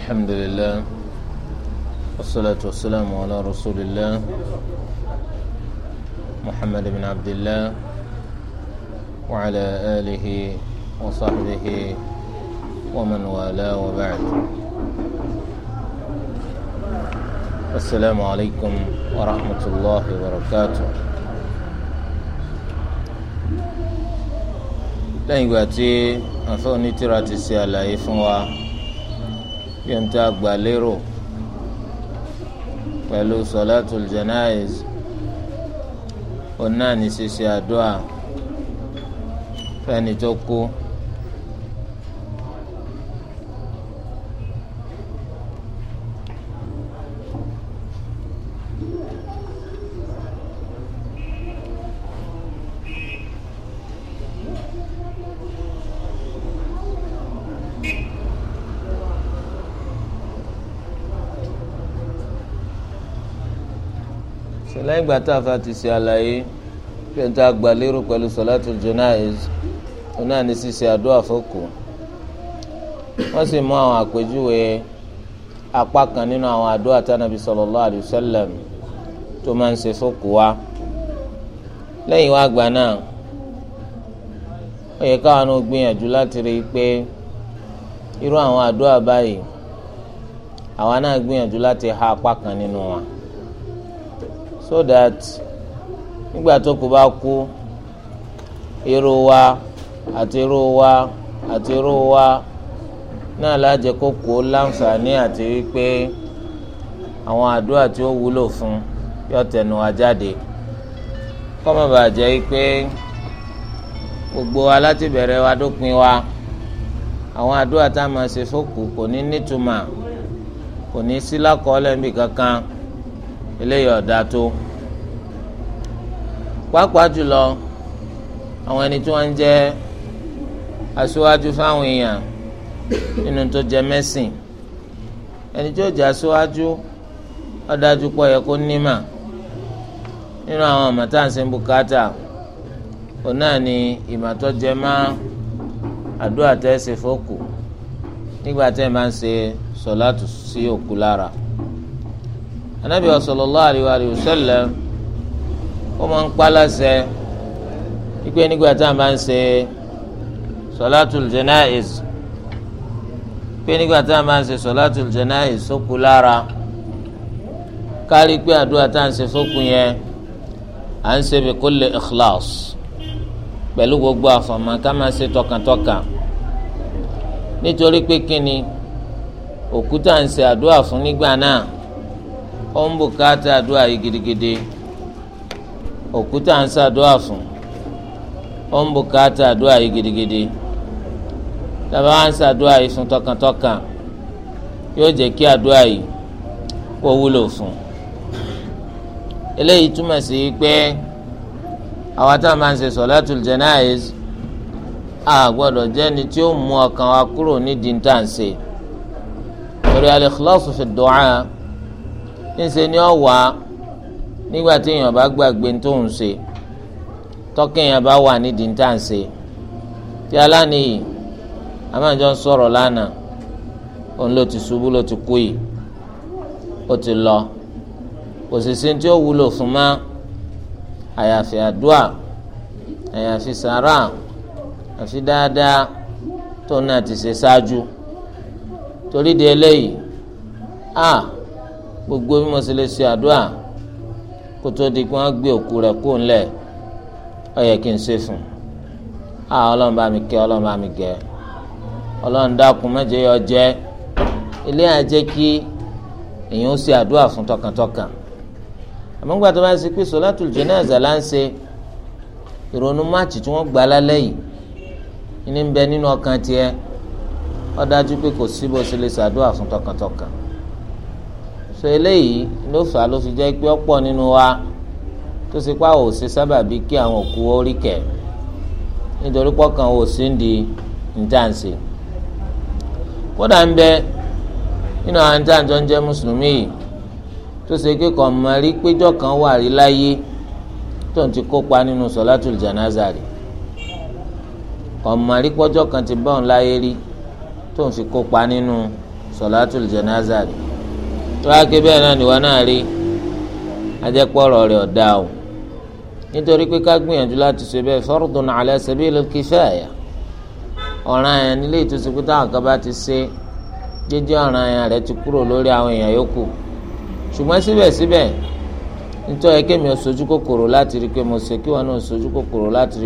الحمد لله والصلاة والسلام على رسول الله محمد بن عبد الله وعلى آله وصحبه ومن والاه وبعد السلام عليكم ورحمة الله وبركاته lẹ́yìn ìgbà tí àfẹ́ onítìrà ti ṣe kí n ta gbàlérò pẹ̀lú sọ̀látùl janayiz òun náà ní ṣíṣe àdúrà fẹ́ni tó kú. ìgbà tá a fa ti ṣe àlàyé pé n ta gbà lérò pẹ̀lú sọ̀látù jọ̀náìz ọ̀nà ní ṣíṣe àdúrà fọ́kù wọ́n sì mú àwọn àpèjúwe apá kan nínú àwọn àdúrà tánàbí sallallahu alaihi wasallam tó máa ń ṣe fọ́kù wa lẹ́yìn wá gbà náà ó yẹ káwọn náà gbìyànjú láti rí i pé irú àwọn àdúrà báyìí àwa náà gbìyànjú láti ha apá kan nínú wa. No so that nígbà tó kù bá kú irú wa àti irú wa àti irú wa náà lájẹ kó kú láǹfààní àti wípé àwọn àdúrà tí ó wúlò fún yóò tẹnu wa jáde kó má bàa jẹ́ pé gbogbo wa láti bẹ̀rẹ̀ wa dópin wa àwọn àdúrà tá a máa ṣe fókù kò ní nítumọ̀ kò ní sí lákọọ́lẹ̀ níbi kankan eléyìí ọ̀dà tó pàápàá jùlọ àwọn ẹni tí wọ́n ń jẹ́ aṣíwájú fáwọn èèyàn nínú tó jẹ mẹ́sìn ẹni tí ó jẹ́ aṣíwájú ọ̀dájú pọ̀ yẹ kó nímà nínú àwọn àmọ̀tánṣe bùkátà òun náà ni ìmọ̀tọ́jẹ máa àdúrà tẹ́ ṣe fókù nígbà tẹ́ ẹ máa ń ṣe sọ̀látù sí òkú lára anabi sallallahu alayhi wa sallam ó máa ń kpalásẹ ikú nígbà tá a máa ń ṣe sọlátùl jẹnáìs ikú nígbà tá a máa ń ṣe sọlátùl jẹnáìs sókù lára kárí pé àdúrà tá à ń ṣe sókù yẹn à ń ṣe bi kulli ikhlas pẹ̀lú gbogbo àfọ̀mọ́ ká máa ṣe tọkàntọkàn nítorí pé kíni òkúta ń ṣe àdúrà fún nígbà náà ó ń bùkátà àdúrà yìí gidigidi òkúta ń ṣàdúrà fún ó ń bùkátà àdúrà yìí gidigidi tàbá ń ṣàdúrà yìí fún tọkàntọkàn yóò jẹ́ kí àdúrà yìí kó wúlò fún eléyìí túmọ̀ sí pé àwa tá a máa ń ṣe sọ̀látùl jánàíz a gbọ́dọ̀ jẹ́ni tí ó mú ọkàn wa kúrò nídìí tá à torí al-ikhlasu fi du'a ńṣe ni ọ wà nígbà tí èèyàn bá gbàgbé tó ń ṣe tọ́kẹ́ èèyàn bá wà nídìí ń tà ń ṣe tí aláníyì amájọ ń sọ̀rọ̀ lánàá òun ló ti ṣubú ló ti kú yìí ó ti lọ òṣìṣẹ́ tí ó wúlò fún má àyàfi àdúà àyàfi sàrà àfi dáadáa tó náà ti ṣe ṣáájú torí di eléyìí a gbogbo bí mo ṣe lè ṣe àdúrà kó tó di pé wọ́n gbé òkú rẹ̀ kó ńlẹ̀ ó yẹ kí n ṣe fún a ọlọ́run bá mi kẹ́ ọlọ́run bá mi gẹ́ ọlọ́run dákun má jẹ́ yọ jẹ́ ilé àjẹ́ kí èèyàn ó ṣe àdúrà fún tọkàntọkàn àmọ́ nígbà tó bá ṣe pé sọlátù jẹ́nẹ́ẹ̀sà là ń ṣe ìrònú máàcì tí wọ́n gbà lálẹ́ yìí ní bẹ nínú ọkàn tiẹ̀ ó dájú pé kò sí bó ṣe lè ṣàdúrà fún tọkàntọkàn so eléyìí ló fà á ló fi jẹ́ pé ọ̀pọ̀ nínú wa tó ṣe pé àwọn òsè sábà bí kí àwọn òkú orí kẹ̀ nítorí pọ́kàn ò sí ń di ntànsì kódà ń bẹ nínú àwọn ntàǹtọ́ ń jẹ́ mùsùlùmí yìí tó ṣe pé kàn máa rí péjọ́ kan wà rí láyé tó ń ti kópa nínú sọ̀látùl jànáza rí kàn rí pọ́jọ́ kan ti bá òun láyé rí tó ń fi kópa nínú sọ̀látùl jànáza rí. tó bá ké bẹ́ẹ̀ náà náà rí ajẹ́pọ̀rọ̀ rẹ̀ ọ̀dà o nítorí pé ká gbìyànjú láti ṣe bẹ́ẹ̀ fardun ala sabilil kifaya ọ̀ràn yẹn nílé ìtúsí pé táwọn kan bá ti ṣe jíjẹ́ ọ̀ràn yẹn rẹ̀ ti kúrò lórí àwọn èèyàn yòókù ṣùgbọ́n síbẹ̀síbẹ̀ nítorí ẹ kémi ọ̀ṣojú kòkòrò láti rí pé mo ṣe kí wọn náà ọ̀ṣojú kòkòrò láti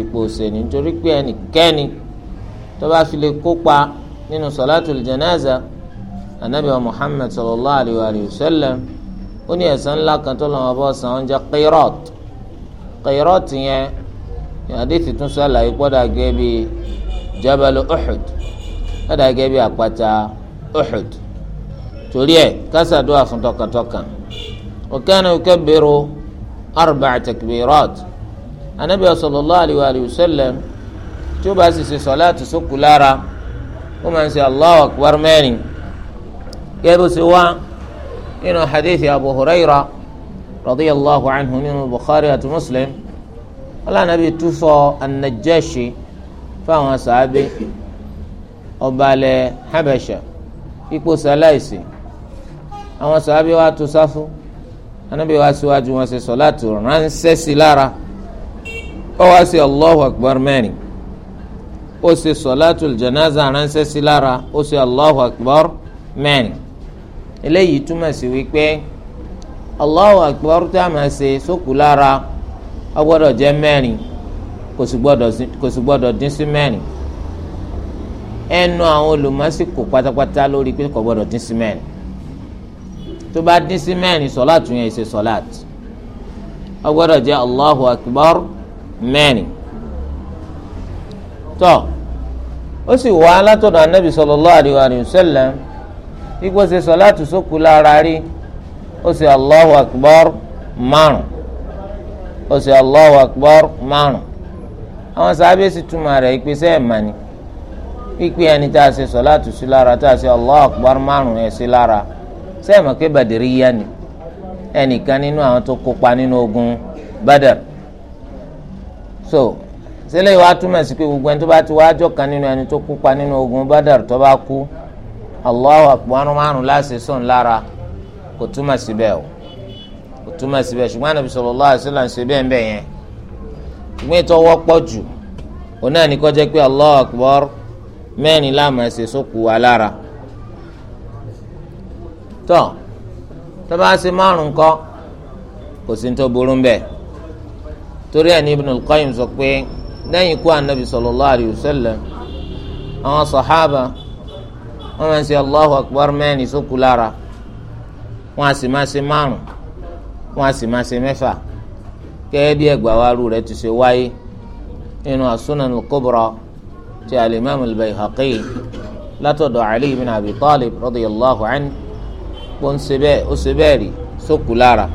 anabi wa muhammed sallallahu alayhi wa sallam ó ní ẹ̀san ńlá kan tó lọ́wọ́ bọ́ san oúnjẹ qirat qirat yẹn àdìsí tún sàlàyé gbọ́dọ̀ gẹ́gẹ́ bí jabal uhud gbọ́dọ̀ gẹ́gẹ́ bí àpáta uhud torí ẹ̀ kásádùá fún tọkàntọkàn wa kana yukabbiru arba'a takbirat anabi wa sallallahu alayhi wa sallam tí ó bá sì ṣe sọ̀láàtì sókù lára ó máa ń ṣe allahu akbar mẹ́rin gẹ́gẹ́ sì wá nínú hadithi abu huraira radiyallahu anhu nínú bukhari àti muslim ọlànàbí túfọ̀ anajashi fáwọn sàábé ọbalẹ̀ habasha ipò sàláìsì àwọn sàábé wa tó sáfù anabi wa síwájú wọn ṣe sọláàtù ránṣẹ́ sí lára ó wá sí allahu akbar mẹ́rin ó ṣe sọláàtù janaza ránṣẹ́ sí lára ó ṣe allahu akbar mẹ́rin eléyìí túmọ̀ sí wípé Allahu akbar tá a máa ṣe sókù lára ó gbọ́dọ̀ jẹ́ mẹ́rin kò sì gbọ́dọ̀ dín sí mẹ́rin ẹnu àwọn olùmọ̀síkò pátápátá lórí pé kò gbọ́dọ̀ dín sí mẹ́rin tó bá dín sí mẹ́rin sọ́láàtù yẹn ṣe sọ́láàtù ó gbọ́dọ̀ jẹ́ Allahu akbar mẹ́rin tọ́ ó sì wá látọ̀dọ̀ anábì sallallahu alaihi wa ipò ṣe sọ̀láàtù sókù lára rí ó ṣe allahu akbar márùn ó ṣe allahu akbar márùn àwọn sábẹ́ sì túmọ̀ rẹ̀ ìpèsè ẹ̀mà ni pípé ẹni tá a ṣe sọ̀láàtù sí lára tá a ṣe allahu akbar márùn ẹ̀ sí lára sẹ́ẹ̀mà pé bàdìrí yá ni ẹnìkan nínú àwọn tó kópa nínú ogun badr so sílẹ̀ ìwà túmọ̀ sí pé gbogbo ẹni tó bá ti wá jọ̀kan nínú ẹni tó kópa nínú ogun badr tó bá kú. Allahu akbar márùn láṣẹ sùn lára kò túmọ̀ síbẹ̀ o kò túmọ̀ síbẹ̀ ṣùgbọ́n Ànábì sallallahu alaihi wasallam ṣe bẹ́ẹ̀ bẹ́ẹ̀ yẹn ṣùgbọ́n ètò ọwọ́ pọ̀ jù òun náà ní kó jẹ́ pé Allahu akbar mẹ́rin láàmú ẹsẹ̀ sókù wa lára tọ́ tọ́ba ṣe márùn kọ́ kò sí tó burú bẹ́ẹ̀ torí ẹni Ibn al sọ pé lẹ́yìn ikú Ànábì sallallahu alaihi wasallam àwọn sàhábà wọ́n máa ń ṣe allahu akbar mẹ́rin sókù lára wọ́n á sì máa ṣe márùn wọ́n á sì máa ṣe mẹ́fà gẹ́gẹ́ bí ẹgbà wa rú rẹ̀ ti ṣe wáyé nínú asúnan kubra ti alimam albayhaqi látọ̀dọ̀ ali ibn abi talib radiyallahu anhu kó ń ṣe bẹ́ẹ̀ ó ṣe bẹ́ẹ̀ rí sókù lára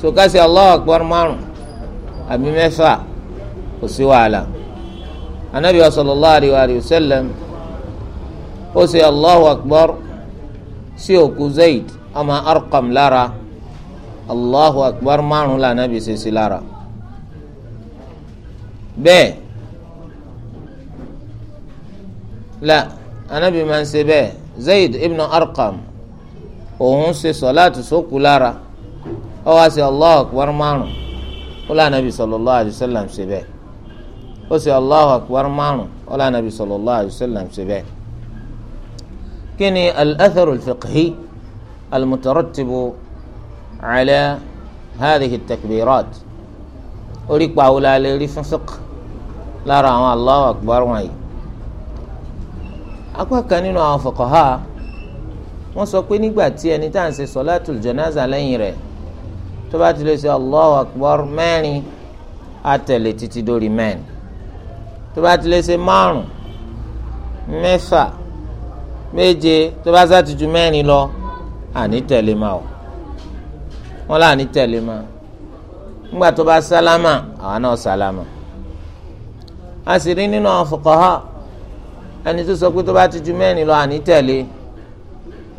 sokasi allahu akbar márùn àbí mẹ́fà kò sí wàhálà anabi wa sallallahu alayhi wa sallam. ó ṣe allahu akbar sí òkú zayd ọmọ arqam lára allahu akbar márùn lànà bí ṣe sí lára bẹ́ẹ̀ la anabi máa ń ṣe bẹ́ẹ̀ zayd ibn arqam òun ṣe sọláàtù sókù lára ó wá ṣe allahu akbar márùn ó lànà bí sallallahu alayhi wa sallam ṣe bẹ́ẹ̀ ó ṣe allahu akbar márùn ó lànà bí sallallahu alayhi wa sallam ṣe bẹ́ẹ̀. kí ni al-atharu al-fiqhi al-mutarattibu ala hadhihi takbirat orí pàwọ́ la lè rí fún fiqh lára àwọn Allahu akbar wọ̀nyí. apá kan nínú àwọn fuqaha wọ́n sọ pé nígbà tí ẹni tá à ń ṣe sọláàtù janaza lẹ́yìn rẹ̀ tó bá ti lè ṣe Allahu akbar mẹ́rin àtẹ̀lé títí dórí mẹ́rin tó bá ti lè ṣe márùn mẹ́fà méje tó bá sá ti ju mẹ́rin lọ àní tẹ̀lé ma o wọn là ní tẹ̀lé ma ńgbà tó bá sálámà àwa náà sálámà a sì rí nínú àwọn fuqaha ẹni tó sọ pé tó bá ti ju mẹ́rin lọ àní tẹ̀lé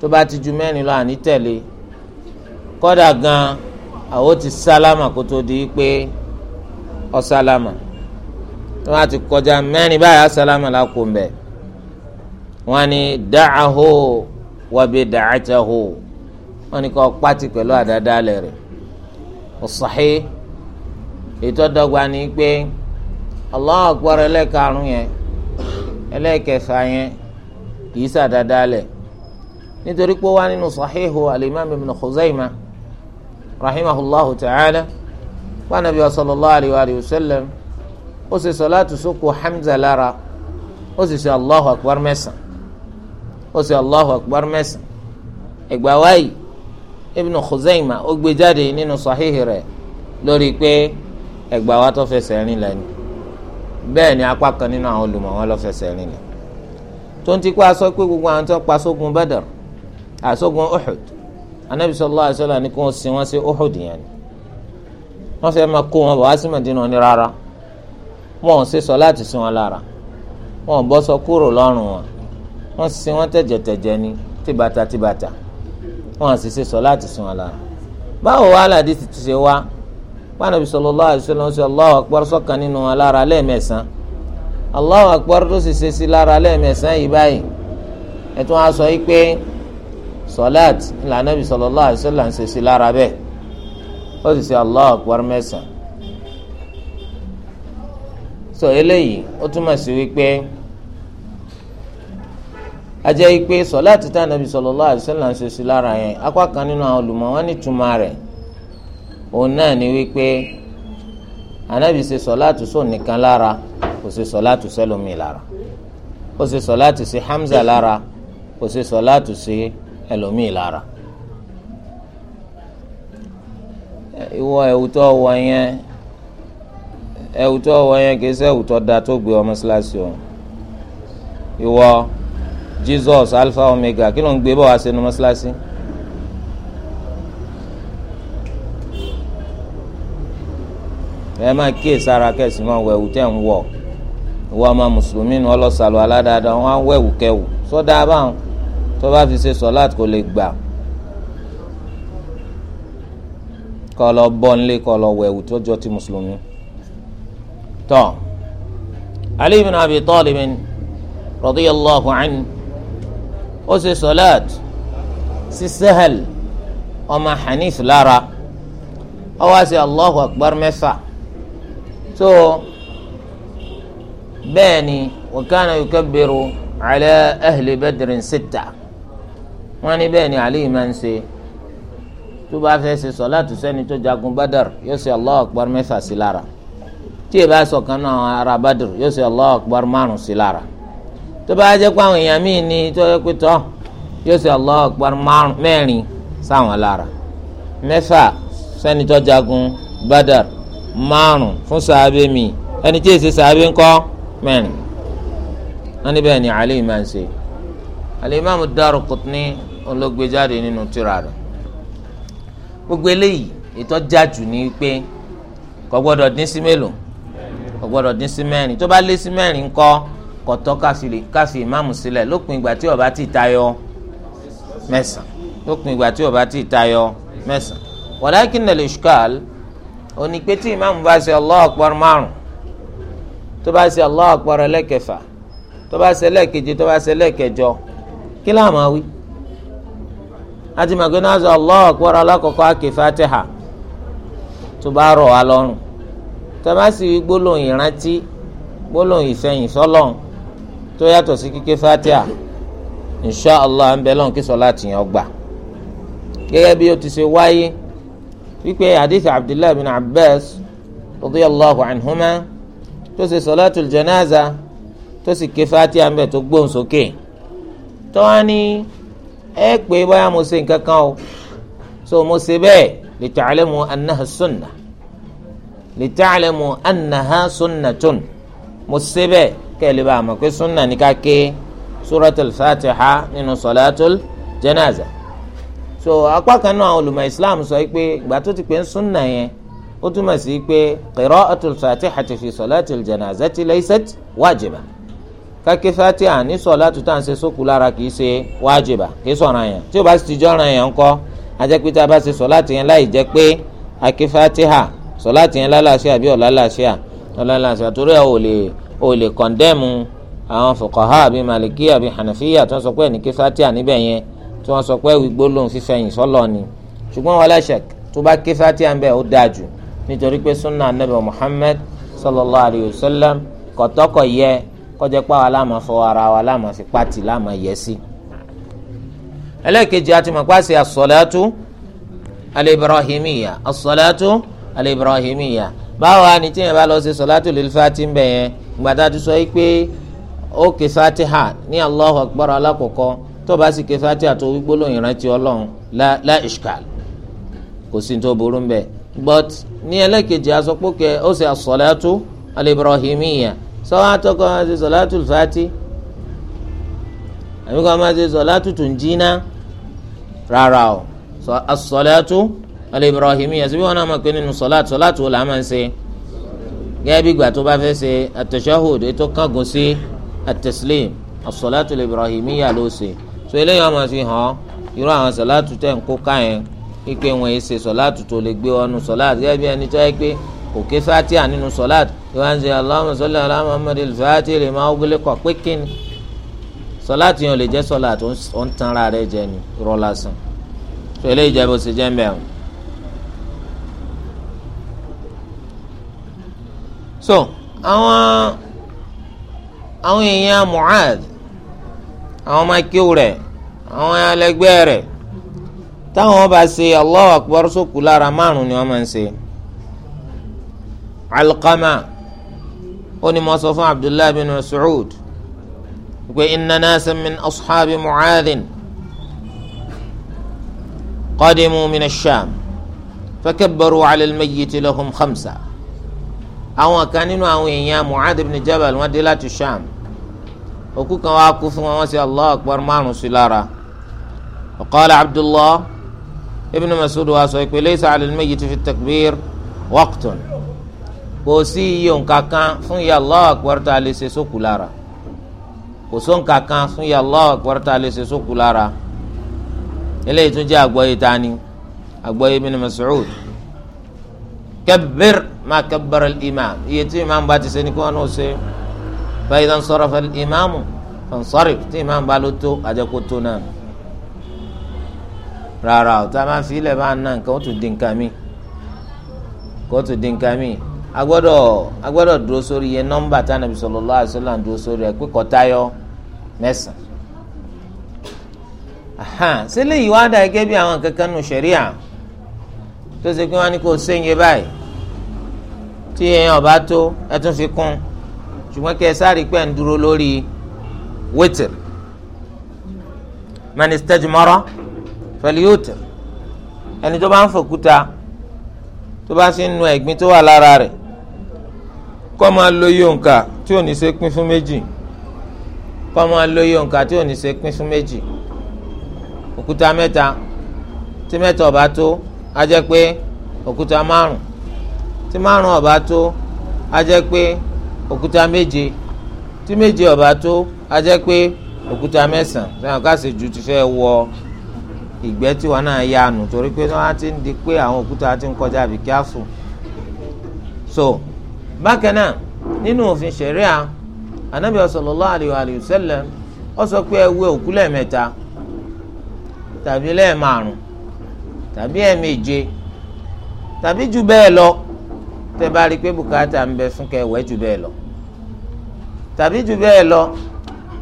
tó bá ti ju mẹ́rin lọ àní tẹ̀lé kọ́dà gan àwọn ti sálámà kó tó di pé ọ sálámà tó bá ti kọjá mẹ́rin báyà sálámà lákòó mbẹ́ẹ́ wọ́n ní da'ahu wa bid'atahu wọ́n ní kọ́ pátì pẹ̀lú àdádálẹ̀ rẹ̀ as-sahih ìtọ́dọ́gba ni pé Allahu akbar ẹlẹ́karùn yẹn ẹlẹ́kẹfà yẹn kìí sàdádálẹ̀ nítorí pé wá nínú sahihu al-imam ibn Khuzaymah rahimahullahu ta'ala wa nabi sallallahu alayhi wa sallam ó sì salatu suku Hamza lára ó sì sọ Allahu akbar mẹ́sàn ó sì allahu akbar mẹ́sàn ẹgbàá wáyé ibnu Khuzaimah ó gbé jáde nínú sahihi rẹ̀ lórí pé ẹgbàá wa tó fẹsẹ̀ rìn lẹ́nu bẹ́ẹ̀ ni apá kan nínú àwọn olùmọ̀ wọn lọ fẹsẹ̀ rìn lẹ́nu tó ń ti kó aṣọ pé gbogbo àwọn tó pa sógun Badr àsógun Uhud anabi sallallahu alaihi ni kò sin wọn sí Uhud yẹn ni máa kó wọn wá sí ni rárá wọn ò wọ́n sin wọ́n tẹ̀jẹ̀tẹ̀jẹ̀ ni tìbàtà tìbàtà wọ́n á sì ṣe sọ láti sun wọn lára báwo wá aládé ti ṣe wá Ànábì sallallahu alaihi wasallam ṣe Allahu akbar sọ́kàn nínú wọn lára lẹ́ẹ̀mẹ̀sán Allahu akbar tó sì ṣe sí lára lẹ́ẹ̀mẹ̀sán yìí báyìí ẹ̀tún á sọ yìí pé sọláàt ní Ànábì sallallahu alaihi wasallam ṣe sí lára bẹ́ẹ̀ ó sì ṣe Allahu akbar mẹ́sàn-án so eléyìí ó túmọ̀ sí wípé ajẹ́ pé sọ̀láàtì tá ànábì sallallahu alaihi wasallam ń ṣoṣo lára yẹn apá kan nínú àwọn olùmọ̀ wọn ní túmọ̀ rẹ̀ òun náà ni wípé ànábì ṣe sọ̀láàtì sóun nìkan lára kò ṣe sọ̀láàtì sẹ́lómi lára ó ṣe sọ̀láàtì sí Hamza lára kò ṣe sọ̀láàtì sí ẹlòmíì lára. ìwọ ẹ̀wù tó yẹn ẹ̀wù tó yẹn kì í ṣe ẹ̀wù da tó gbé ọmọ síláṣí o ìwọ jesus alpha omega kí ló ń gbé bọ́ wá sínú mọ́ṣáláṣí. ẹ máa kíyè sára kẹsì máa wọ ẹ̀wù tẹ́ ń wọ̀ ìwọ ọmọ mùsùlùmí ni ọlọ́sàlù aládàáda wọn á wẹ̀wù kẹwù sọ́dà báwọn tó bá fi ṣe sọ̀láàtì kò lè gbà kọ́ lọ bọ́ nílé kọ́ lọ wẹ̀wù tó ti mùsùlùmí. tọ́ Ali ibn Abi Talib radiyallahu anhu ó ṣe sọláàt sí sahel ọmọ hanif lára ó wá ṣe allahu akbar mẹ́fà tó bẹ́ẹ̀ ni wakana yukabbiru ala ahli badrin sitta wọ́n ní bẹ́ẹ̀ ni aliyu máa ń ṣe tó bá fẹ́ ṣe sọláàtù sẹ́ni tó jagun badar yóò ṣe allahu akbar mẹ́fà sí lára tí ì bá sọ̀kan náà ara badr yóò ṣe allahu akbar márùn sí lára tó bá jẹ́ pé àwọn èèyàn míì ni tó yẹ pé tọ́ yóò ṣe Allahu Akbar mẹ́rin sáwọn lára mẹ́fà sẹ́ni tó jagun Badar márùn fún sàábé mi ẹni tí èsì sàábé ńkọ́ mẹ́rin wọ́n níbẹ̀ ni Ali máa ń ṣe Al-Imam Ad-Daraqutni olóògbéjáde nínú tírà rẹ̀ gbogbo eléyìí ìtọ́jà jù ní pé kò gbọ́dọ̀ dín sí mélòó kò gbọ́dọ̀ dín sí mẹ́rin tó bá lé sí mẹ́rin ńkọ́ kọtọ kasi ìmáàmù sílẹ̀ lópin ìgbà tí ti tayọ lópin ìgbà tí ti tayọ mẹ́sàn walakin al-ishkal òní pé tí ìmáàmù bá ṣe Allahu Akbar márùn tó bá ṣe Allahu Akbar ẹlẹ́kẹfà tó bá ṣe ẹlẹ́keje tó bá ṣe ẹlẹ́kẹjọ kí wí láti tó yàtọ̀ sí kíké fatia insha allah ń bẹ lọ́n kí sọ láti yàn gbà gẹ́gẹ́ bí o ti ṣe wáyé wípé hadith abdullahi bin abbas radiyallahu anhuma tó ṣe sọlátul janaza tó sì ké fatia ń bẹ tó gbóhùn sókè tó wá ẹ pé báyà mo ṣe nǹkan kan o so mo ṣe bẹ́ẹ̀ li ta'lamu annaha sunnah li ta'lamu annaha sunnatun mo ṣe bẹ́ẹ̀ kẹ́lẹ́ bá a mọ̀ pé sunna ní ká ké suratul fatiha nínú solatul janaza so apá kan náà àwọn olùmọ̀ islam sọ pé ìgbà tó ti pé ń sunna yẹn ó túmọ̀ sí pé qira'atul fatiha ti fi solatul janaza ti laysat wájibà káké fatiha ní solatu tá à ń ṣe sókù lára kì í ṣe wájibà kì í sọ̀ràn yẹn tí o bá sì ti jọ́ràn yẹn ńkọ́ ajẹ́pẹ́tẹ́ a bá ṣe solatu yẹn láì jẹ́ pé aké fatiha solatu yẹn lálàáṣíà bí ọ̀làláṣíà ọ̀làláṣíà torí ẹ̀ ò lè o lè kọ̀ndẹ́mù àwọn fuqaha àbí màlìkí àbí hànàfíyà tí wọ́n sọ pé ẹnìkí fatia níbẹ̀ yẹn tí wọ́n sọ pé wígbó lòun fífẹ̀yìn sọ́lọ̀ ni ṣùgbọ́n wala shak tó bá ké fatia ń bẹ̀ ó dáa jù nítorí pé sunna anabi muhammad sallallahu alayhi wa sallam kọ̀tọ́kọ yẹ kọjá pa wa fọ ara wa láàmà fi pàtì láàmà yẹ sí. ẹlẹ́ẹ̀kejì àti mọ̀páṣẹ as-salatu al-ibrahimiyya as-salatu al-ibrahimiyya bá lọ sí salatu lil ń bẹ̀ yẹn gbàdá ti sọ yìí pé ó ké fatiha ní allahu akbar alákọ̀ọ́kọ́ tó bá sì ké fatiha tó wí gbólóhùn ìrántí ọlọ́run la ishkal kò sí tó burú ń but ní ẹlẹ́kejì asọ́pọ̀kẹ́ ó sì asọ́lẹ́tù alibrahimiya sọ́wọ́n atọ́kọ́ máa ṣe sọ́lẹ́tù fati àbí kọ́ máa ṣe sọ́lẹ́tù tunjina rárá o asọ́lẹ́tù alibrahimiya síbí wọn náà máa pè nínú sọ́lẹ́tù sọ́lẹ́tù ó là máa ń ṣe gẹ́gẹ́ bí ìgbà tó bá fẹ́ ṣe at-tashahhud ètò kángun sí at-taslim as-salatu al-ibrahimiyya ló ṣe so eléyìí ọmọ fi hàn irú àwọn sọ̀látù tẹ̀ ń kó ká yẹn wípé wọn yìí ṣe sọ̀látù tó lè gbé ọnu sọ̀látù gẹ́gẹ́ bí ẹni tó yẹ pé kò ké fatia nínú sọ̀látù ìwọ́n ṣe Allahumma salli ala Muhammadil fatia lè máa wọlé kọ̀ pé kíni sọ̀látù yẹn ò lè jẹ́ sọ̀látù ó so àwọn àwọn èèyàn muhad àwọn ọmọ akéwù rẹ̀ àwọn alẹgbẹ rẹ̀ táwọn bá ṣe allah akubar sókù lára márùn ni wọ́n máa ń ṣe Alqama ó ní mo sọ fún Abdullahi bin Mas'ud pé inna nasan min ashabi Mu'adhin qadimu min ash-Sham fakabbaru ala al-mayyit lahum khamsa. àwọn kan nínú àwọn èèyàn Mu'adh ibn Jabal wọ́n dé láti Sham òkú kan wá kú fún wọn wọ́n sì Allahu akbar márùn sí lára qala Abdullah ibn Mas'ud wa sọ pé laysa 'ala al-mayyit fi at-takbir waqtun kò sí iye nǹkan kan fún ya Allahu akbar tá a lè ṣe sókù lára kò só nǹkan fún ya Allahu akbar tá a lè ṣe sókù lára eléyìí tún jẹ́ àgbọ̀yé tani àgbọ̀yé ibn Mas'ud kabbir má kabbara imam iye tí imam bá ti ṣe ni kí wọn náà ṣe fa idha sarafa imam fansarif tí imam bá ló tó àjẹkó tó náà rárá o tá a máa fi ilẹ̀ bá ná nǹkan ó tún di nǹkan mi kó tún di nǹkan mi agbọ́dọ̀ agbọ́dọ̀ dúró sórí iye nọ́mbà tá Ànábì sallallahu alaihi wasallam dúró sórí ẹ pé kó tayọ án sílẹ̀ yìí wá dà gẹ́gẹ́ bí àwọn kankan nù ṣẹ̀ríà tó ṣe pé wọ́n á ní kó o ṣe ń yẹ báyìí tí èèyàn bá tó ẹ tún fi kún ṣùgbọ́n kí ẹ sáré pẹ́ ń dúró lórí wítìr mẹni stẹjumọrọ pẹ̀lú yóòtìr ẹni tó bá ń fòkúta tó bá sì ń nu ẹ̀gbin tó wà lára rẹ̀ kó máa lo yonka tí ò ní ṣe pín fún méjì kó máa lo yonka tí ò ní ṣe pín fún méjì òkúta mẹ́ta tí mẹ́ta ò tó á jẹ́ pé òkúta márùn-ún tí márùn ọba tó a pé òkúta méje tí méje ọba tó a pé òkúta mẹ́sàn sẹ́yìn ju ti fẹ́ wọ ìgbẹ́ tí wọn náà torí pé wọn ti ń di pé àwọn òkúta ti ń kọjá àbí so bákan náà nínú òfin ṣẹ̀ríà anabi sallallahu sọ pé ẹ òkú tàbí tàbí tẹ́ bá rí i pé bùkátà ń bẹ fún kẹwẹ́ jù bẹ́ẹ̀ lọ tàbí jù bẹ́ẹ̀ lọ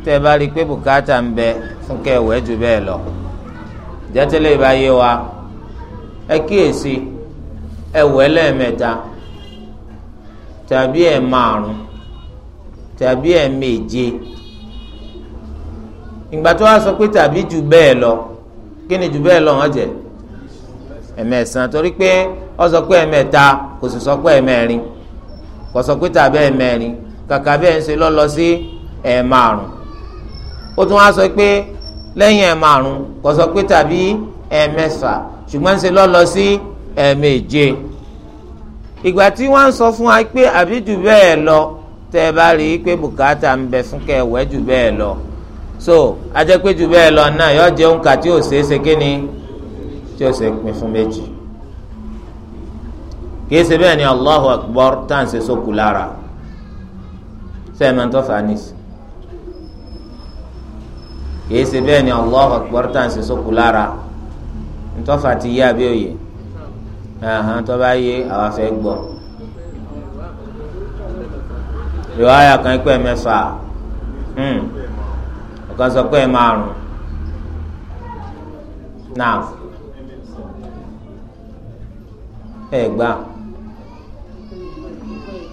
tẹ́ bá rí i pé bùkátà ń bẹ fún kẹwẹ́ jù bẹ́ẹ̀ lọ jẹ́tẹ́lẹ̀ ìbáyé wa ẹ kíyèsí ẹ wẹ̀ lẹ́ẹ̀mẹ́ta tàbí ẹ̀ márùn tàbí ẹ̀ méje ìgbà tó wá sọ pé tàbí jù bẹ́ẹ̀ lọ kí ni jù bẹ́ẹ̀ lọ wọ́n jẹ́ ẹ̀mẹ̀sán torí pé ó sọ pé ẹ̀mẹ́ta kò sì sọ pé ẹ̀mẹ́rin kò sọ pé tàbí ẹ̀mẹ́rin kàkà bẹ́ẹ̀ ń ṣe lọ́lọ́ sí ẹ̀ẹ̀márùn ó tún wá sọ pé lẹ́yìn ẹ̀ẹ̀márùn kò sọ pé tàbí ẹ̀ẹ̀mẹ́fà ṣùgbọ́n ń ṣe lọ́lọ́ sí ẹ̀ẹ̀méje ìgbà tí wọ́n ń sọ fún wa pé àbí jù bẹ́ẹ̀ lọ tẹ́ ẹ bá rí i pé bùkátà ń bẹ fún kẹwẹ́ jù bẹ́ẹ̀ lọ so ajẹ́ pé jù bẹ́ẹ̀ lọ náà yọ jẹun kà tí ò ṣeé ṣe kí ni tí ò ṣe pín fún méjì kìí ṣe bẹ́ẹ̀ ni allahu akbar tá à ń ṣe sókù lára sẹ́ẹ̀mẹ́ntọ́ fanis kìí ṣe bẹ́ẹ̀ ni allahu akbar tá à ń ṣe sókù lára ntọ́fà ti yé abẹ́ òye tó bá yé àwa fẹ́ gbọ́ ìwà ayà kan pẹ́ mẹ́fà hmm. ọ̀kan sọ pé márùn náà ẹ̀ gbà. Hey,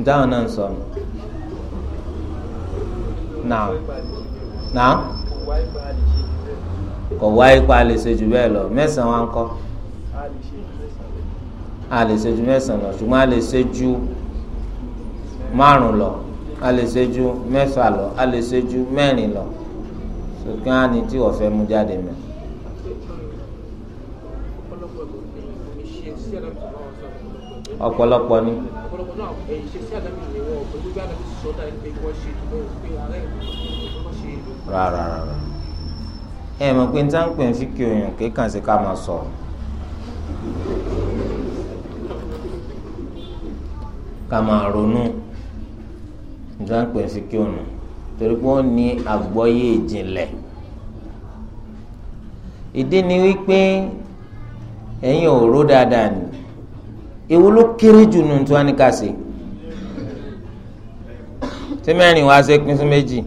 ntáwọn náà ń sọ nù. náà náà kò wá ipa a lè ṣe jù bẹ́ẹ̀ lọ mẹ́sàn-án wa ń kọ́ a lè ṣe jù mẹ́sàn-án lọ ṣùgbọ́n a lè ṣe jù márùn lọ a mẹ́fà lọ a lè ṣe jù mẹ́rin lọ ṣùgbọ́n a tí wọ́n fẹ́ mú jáde mẹ́rin. ọ̀pọ̀lọpọ̀ ni. rárá rárá ẹ mọ̀ pé níta ń pè ń fi kí oyún kéèkàn sí ká máa sọ̀rọ̀ ká máa ronú níta ń pè ń fi kí oyún torí pé wọ́n ní àgbọ́yé ìjìnlẹ̀ ìdí ni wípé ẹ̀yin ò ró dáadáa ni èwo ló kéré jù nù tí wọn ní ká ṣe tí mẹ́rin wá ṣe pín fún méjì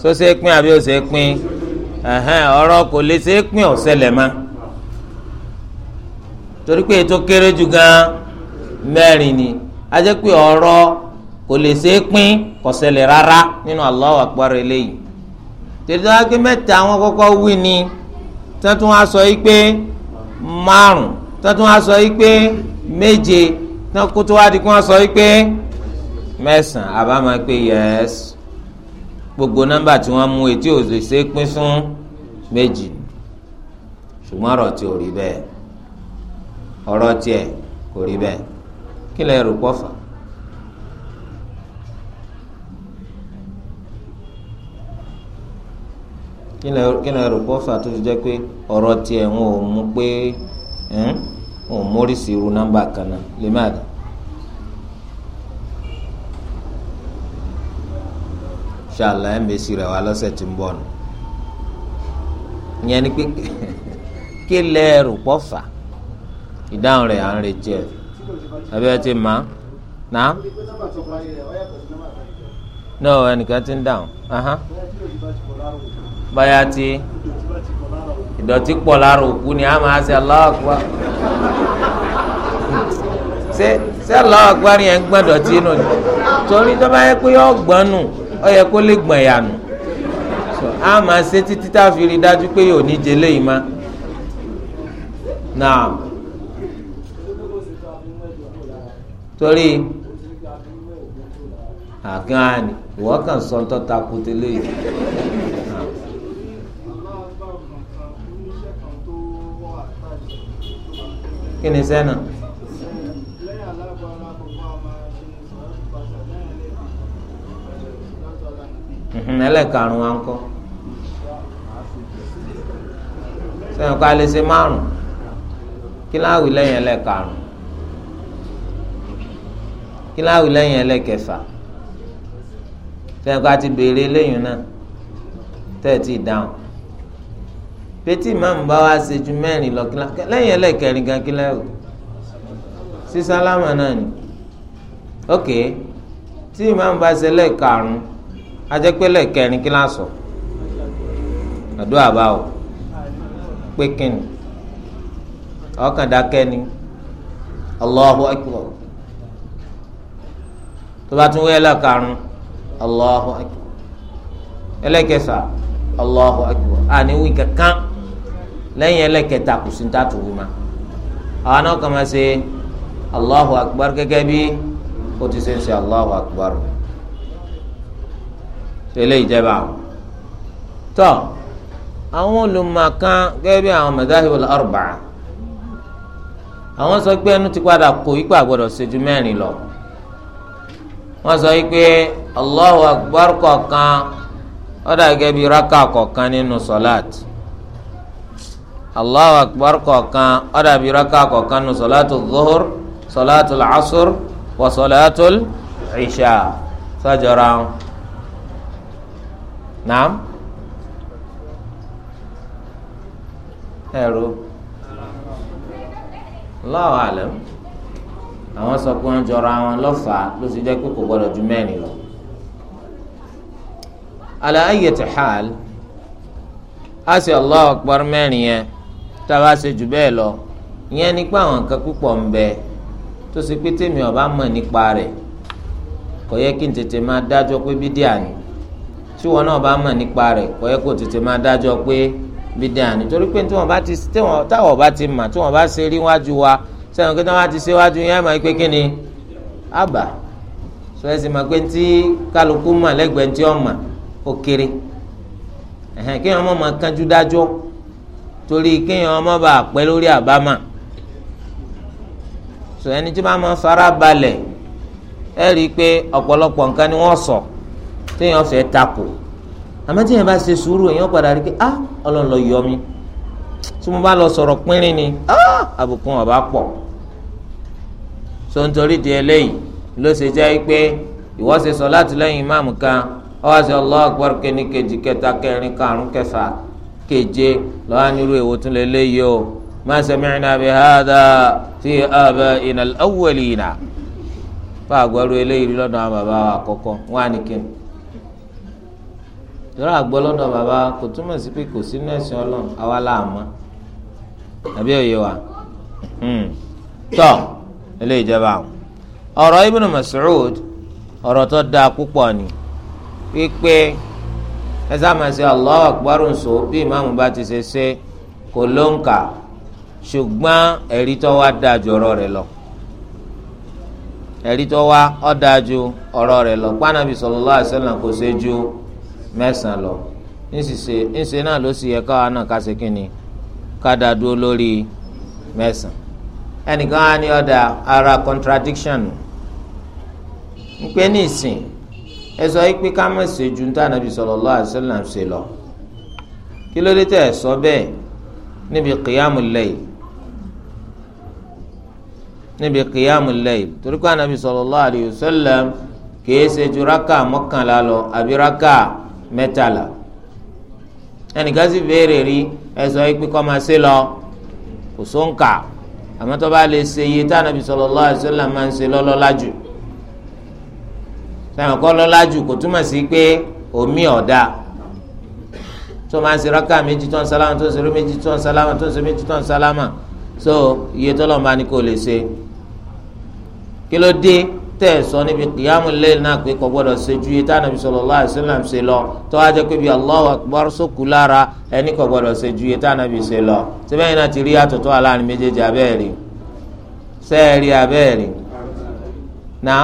so ṣe pín àbí ó ṣe pín kò lè ṣe pín ọ̀sẹ̀lẹ̀ mọ́ torí pé ètò kéré jù gan mẹ́rin ni a jẹ́ pé ọ̀rọ̀ kò lè ṣe pín kọ̀sẹ̀lẹ̀ rárá nínú Allahu Akbar eléyìí tètè wá pé mẹ́ta àwọn kọ́kọ́ wí ni tí wọ́n tún wá sọ yìí pé márùn tọ́tún wá sọ wípé méje náà kó tó wá di kó wá sọ wípé mẹ́sàn-án àbá máa pé yẹ́s gbogbo nọ́mbà tí wọ́n mú etí òsè ṣe pín fún méjì ṣùgbọ́n ọ̀rọ̀ tí ò rí bẹ́ẹ̀ ọ̀rọ̀ tiẹ̀ kò rí bẹ́ẹ̀ kí lè rò pọ̀fà. kí lè rò pọ̀fà tó fi jẹ́ pé ọ̀rọ̀ tiẹ̀ ń ò mú pé òun mórìsì irú nọ́mbà kan náà lè má dé. ṣàlà ẹ̀ mèsì rẹ̀ wá lọ́sẹ̀ tí ń bọ̀ nù. ìyẹn ni pé kí lẹ́ẹ̀rù pọ̀ fà ìdáhùn rẹ̀ à ń retí ẹ̀ àbí ẹ ti máa náà. náà ẹnìkan ti ń dáhùn. báyà ti ìdọ̀tí pọ̀ lára òkú ni a máa ṣe Allahu Akbar ṣé ṣé yẹn ń gbọ́n dọ̀tí nù ni torí tó bá yẹ pé yọ gbọ́n nù ó yẹ kó lè gbọ̀n yà nù a máa ṣe títí tá a fi rí dájú pé yóò ní jẹ léyìí má náà torí àgán ni ìwọ kàn sọ ń tọ́ ta kú tẹ́lẹ̀ yìí. kí ni iṣẹ́ náà. ẹlẹ́karùn-ún wa ń kọ́ sẹ́yìn kọ́ alẹ́ ṣe márùn-ún kí láwì lẹ́yìn ẹlẹ́karùn-ún kí láwì lẹ́yìn ẹlẹ́kẹfà sẹ́yìn kọ́ àti béèrè lẹ́yìn náà tẹ́ẹ̀ dáhùn pétí ìmáàmù bá wá ṣe ju mẹ́rin lọ lẹ́yìn ẹlẹ́kẹrin gan kílẹ̀ o sísálámà náà ni ok tí ìmáàmù bá ṣe lẹ́ẹ̀karùn-ún ajẹ́pẹ́ lẹ́ẹ̀kẹrin kí lásọ̀ àdúrà bá o pé kíni ọkàn dákẹ́ ni Allahu akbar tó bá tún wẹ́ ẹlẹ́karùn-ún Allahu akbar ẹlẹ́kẹsà Allahu akbar àníwí kankan. lẹ́yìn ẹlẹ́kẹta kò sí ma àwọn náà kàn máa ṣe allahu akbar gẹ́gẹ́ bí ti ṣe ń ṣe allahu akbar ṣe lè jẹba tọ àwọn olùmọ̀kan gẹ́gẹ́ bí àwọn madahib al-arba'a àwọn sọ pé ẹnu ti padà kó lọ wọn sọ pé allahu akbar kọ̀ọ̀kan ó bí raka nínú allahu akbar kọ̀ọ̀kan ó dà bí raka kọ̀ọ̀kan nù sọ̀látù zuhur sọ̀látù asur wà sọ̀látù isha sọ́jọ́ra wọn. naam ẹ̀rọ allahu alam àwọn sọ pé wọ́n jọra wọn lọ́fàá ló sì jẹ́ pé kò gbọ́dọ̀ ju mẹ́rin lọ. ala ayyati hal asi allahu akbar mẹ́rin yẹn tá a bá ṣe jù bẹ́ẹ̀ lọ ìyẹn ni pé àwọn nǹkan púpọ̀ ń bẹ tó ṣe pé tèmi ọba mọ̀ nípa rẹ̀ kò yẹ kí n tètè máa dájọ́ pé bídíà ni tí wọn náà bá mọ̀ nípa rẹ̀ kò yẹ kó tètè máa dájọ́ pé bídíà ni torí pé tí wọn bá ti táwọn bá ti mà tí wọn bá ṣe rí wájú wa sẹ́wọ̀n kí wọ́n ti ṣe wájú yẹn máa pé kí ni àbá sọ ẹ sì máa pé tí kálukú mà lẹ́gbẹ̀ẹ́ tí wọ́n mà ó kéré kí wọ́n mọ̀ máa dájọ́ torí kéèyàn ọmọ bá pẹ́ lórí àbámà sọ ẹni tí wọ́n máa fara balẹ̀ ẹ rí i pé ọ̀pọ̀lọpọ̀ nǹkan ni wọ́n sọ téèyàn fẹ́ takò àmọ́ téèyàn bá ṣe sùúrù èèyàn padà rí i pé ah ọlọ́run lọ yọ mi tí mo bá lọ sọ̀rọ̀ pínrín ni ah àbùkù ọ̀bá pọ̀ so nítorí di eléyìí ló ṣe jẹ́ pé ìwọ ṣe sọ láti lẹ́yìn ìmáàmù kan ọ wá sí Allahu kẹ́ni kejì kẹta kẹrin karùn-ún kẹfà keje lọ́wọ́ nírú èwo tún lè léyìí o ma sami'na bihadha fi aba'ina al-awwalina fún àgbọ̀rú eléyìí lọ́dọ̀ àwọn bàbá wa àkọ́kọ́ wọn á ní kí n tọ́lá àgbọ̀ lọ́dọ̀ bàbá kò túmọ̀ sí pé kò sí nẹ́ẹ̀sì ọlọ́run àwa láàmọ́ àbí òye wa hmm. tọ́ eléyìí jẹ́ ọ̀rọ̀ Ibn Mas'ud ọ̀rọ̀ tó dáa púpọ̀ ni wípé ẹ sáà ṣe Allahu Akbar nsọ bí ìmáàmù bá ti ṣe ṣe kò ló ń kà ṣùgbọ́n ẹ̀rí tó wá dáa ju ọ̀rọ̀ rẹ̀ lọ ẹ̀rí tó wá ọ́ dáa ju ọ̀rọ̀ rẹ̀ lọ pànàbí sallallahu alaihi wasallam kò ṣe ju mẹ́sàn-án lọ ńṣiṣe ńṣe náà ló sì yẹ káwa náà ká ṣe kínni ká dúró lórí mẹ́sàn ẹnìkan á ní ọ̀dà ara contradiction ń pè ní ìsìn ẹ sọ yìí pé ká má ṣe ju ní tànàbí sallallahu alaihi wasallam ṣe lọ kí ló dé tẹ ẹ sọ bẹ́ẹ̀ níbi qiyamul layl níbi qiyamul layl torí pé ànàbí sallallahu alaihi wasallam kìí ṣe ju raka mọ́kànlá lọ àbí raka mẹ́tàlá ẹnìkan sì béèrè rí ẹ sọ yìí pé ṣe lọ kò sóńkà àmọ́ tó lè ṣe iye tànàbí sallallahu alaihi wasallam máa ń ṣe lọ́lọ́lá jù sẹ́wọ̀n kọ́ lọ́lá jù kò túmọ̀ sí pé omi ọ̀dà tó máa ń ṣe rákà méjì tó ń sálámà tó ń ṣe rú méjì tó ń sálámà tó ń ṣe méjì tó ń sálámà so iye tó lọ́nba ni kò lè ṣe kí ló dé tẹ̀ sọ níbi kìyàmù lẹ́yìn náà pé kò gbọ́dọ̀ ṣe ju iye táwọn sallallahu alaihi wasallam ṣe lọ tó wá jẹ́ pé bí Allahu akbar sókù lára ẹni kò gbọ́dọ̀ ṣe ju iye táwọn ṣe lọ síbẹ̀yìn náà ti rí àtúntò aláàrin méjèèjì abẹ́ẹ̀rì sẹ́ẹ̀rì abẹ́ẹ̀rì náà.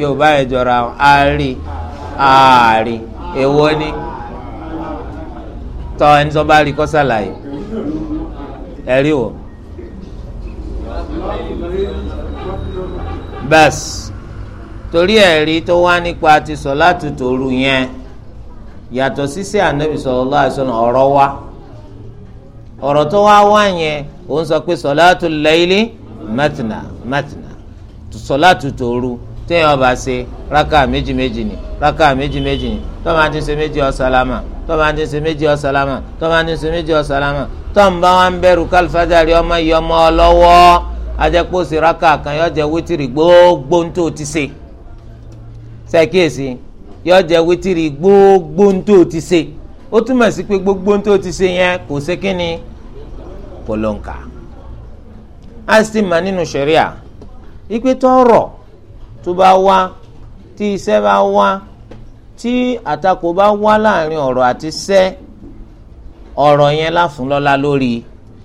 yorùbá yẹn jọra àárí àárí èwo ni tọ́ ẹni tó bá rí bẹ́ẹ̀sì torí ẹ̀rí tó wá nípa ti sọ láti tòru yẹn yàtọ̀ sísẹ́ ànábì sallallahu alaihi na ọ̀rọ̀ wa ọ̀rọ̀ tó wá wá yẹn òun sọ pé sọ̀látù láìlì mẹ́tìnà mẹ́tìnà sọ̀látù tòru téèyàn bá ṣe raka méjì méjì ni raka méjì méjì ni tó máa ti ṣe méjì ọ̀sálámà tó máa ti ṣe méjì ọ̀sálámà tó máa ti ṣe méjì ọ̀sálámà tó ń bá wa ń bẹ̀rù kálífàjárì ọmọ yìí ọmọ ọlọ́wọ́ ajẹ́pọ̀sí raka kan yóò jẹ́ wítìrì gbogbo ń tó ti ṣe ṣàkíyèsí yóò jẹ́ wítìrì gbogbo ń tó ti ṣe ó túmọ̀ sí pé gbogbo ń tó ti ṣe yẹn kò ṣe kíni kò ló ń sì mà nínú ṣẹ̀ríà ìpè rọ̀ tó bá wá tí iṣẹ́ bá wá tí àtakò bá wá láàrin ọ̀rọ̀ àti iṣẹ́ ọ̀rọ̀ yẹn láfúnlọ́lá lórí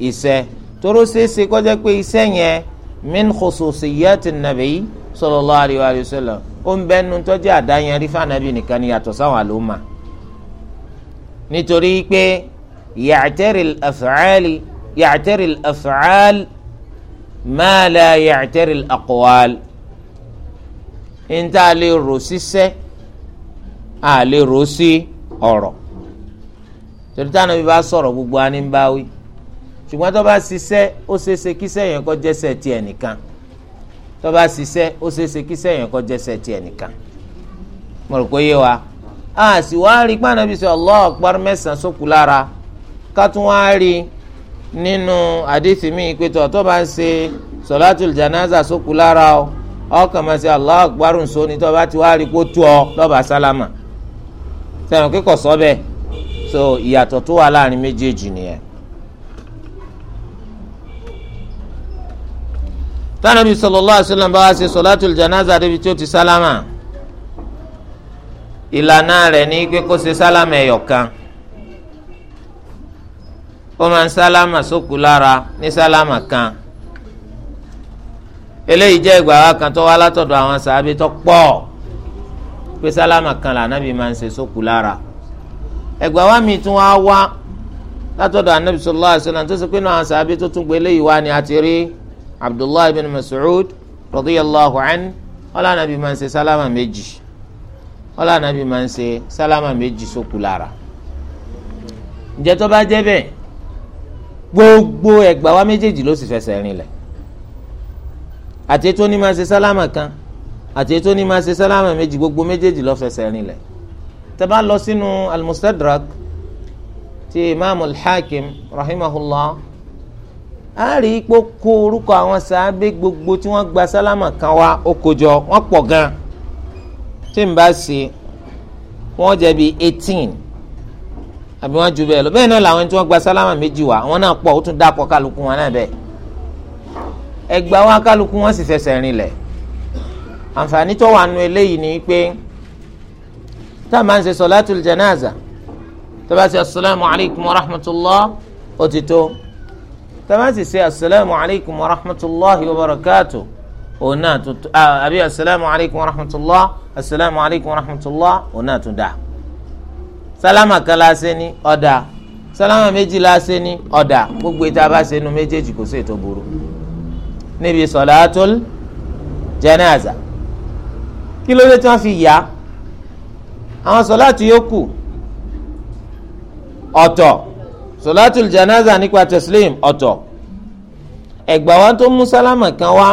iṣẹ́ tóró ṣeéṣe kó jẹ́ pé iṣẹ́ yẹn min khususiyyati nabi sallallahu alayhi wa sallam ó ń bẹ́nu tó jẹ́ àdáyẹn rí fànàbí nìkan ni yàtọ̀ sáwọn àlòmà nítorí pé ya'tari al-af'ali ya'tari al la ya'tari al níta lè rò síṣẹ́ a lè rò sí ọ̀rọ̀ torí táwọn ibi bá sọ̀rọ̀ gbogbo ani ń bá wí ṣùgbọ́n tó bá ṣiṣẹ́ ó ṣeéṣe kíṣẹ́ yẹn kó jẹ́sẹ̀ ti ẹnìkan tó bá ṣiṣẹ́ ó ṣeéṣe kíṣẹ́ yẹn kó jẹ́sẹ̀ ti ẹnìkan mo rò pé yé wa a sì wá rí pàánà bí sọ Allahu Akbar mẹ́sàn-án sókù lára ká wá rí nínú àdéhìí mi pé tó bá ń ṣe sọ̀látùl jánásà sókù lára o ọkàn máa ṣe allah akbar nso ni tó bá ti wá rí kó tú ọ lọ́ba sálámà sẹ́wọ̀n kíkọ̀ sọ bẹ́ẹ̀ so ìyàtọ̀ tó wà láàrin méjèèjì nìyẹn. tánàbí sallallahu alaihi wasallam bá wá ṣe solatul janaza débi tí ó ti sálámà ìlànà rẹ̀ ní pé kó ṣe sálámà ẹ̀yọ̀ kan ó máa ń sálámà sókù lára ní sálámà kan eléyìí jẹ́ ìgbà wa kan tó wá látọ̀dọ̀ àwọn sàábé tó pọ̀ pé sálámà kan lànàbì máa ń ṣe sókù lára ẹgbà wa mi tún wá wá látọ̀dọ̀ anabi sallallahu alaihi wasallam tó ṣe pé náà sàábé tó tún gbé eléyìí wá ni àti rí abdullahi bin mas'ud radiyallahu anhu ọlá anabi máa ń ṣe sálámà méjì ọlá anabi máa ń ṣe sálámà méjì sókù lára ǹjẹ́ tó bá jẹ́ bẹ́ẹ̀ gbogbo ẹgbà wa méjèèjì ló sì fẹsẹ̀ rinlẹ̀ àti ètò ní máa ṣe sálámà kan àti ètò ní máa ṣe sálámà méjì gbogbo méjèèjì ló fẹsẹ̀ rinlẹ̀ tẹ́ bá lọ sínú al-mustadrak ti imaamu al-hakim rahimahullah a rí ipò kó orúkọ àwọn sàábé gbogbo tí wọ́n gba sálámà kan wá ó wọ́n pọ̀ gan tí n bá ṣe wọ́n jẹ́ bíi eighteen àbí wọ́n ju bẹ́ẹ̀ lọ bẹ́ẹ̀ náà làwọn tí wọ́n gba sálámà méjì wá àwọn náà pọ̀ ó tún dá pọ̀ kálukú wọn náà bẹ́ẹ̀ ẹgbàá wọn kálukú wọn sì fẹsẹ̀ rinlẹ̀ àǹfààní tó wà nù eléyìí ni pé tá a máa ń ṣe sọlátul janaza tó bá ṣe asalaamu alaykum wa rahmatulah ó ti tó tó bá sì ṣe asalaamu alaykum wa rahmatulah wa barakatuh òun náà tún àbí asalaamu alaykum wa rahmatulah asalaamu alaykum wa rahmatulah òun náà tún dà sálámà kan láṣẹ ní ọ̀dà sálámà méjì láṣẹ ní ọ̀dà gbogbo ètò abáṣẹ nu méjèèjì kò sí ètò burú níbi sọ̀látùl jẹ́nàza kí ló dé tí wọ́n fi yá àwọn sọ̀látù yòókù ọ̀tọ̀ sọ̀látùl jẹ́nàza nípa tẹ̀sílẹ̀m ọ̀tọ̀ ẹ̀gbà wa tó mú sálámà kan wá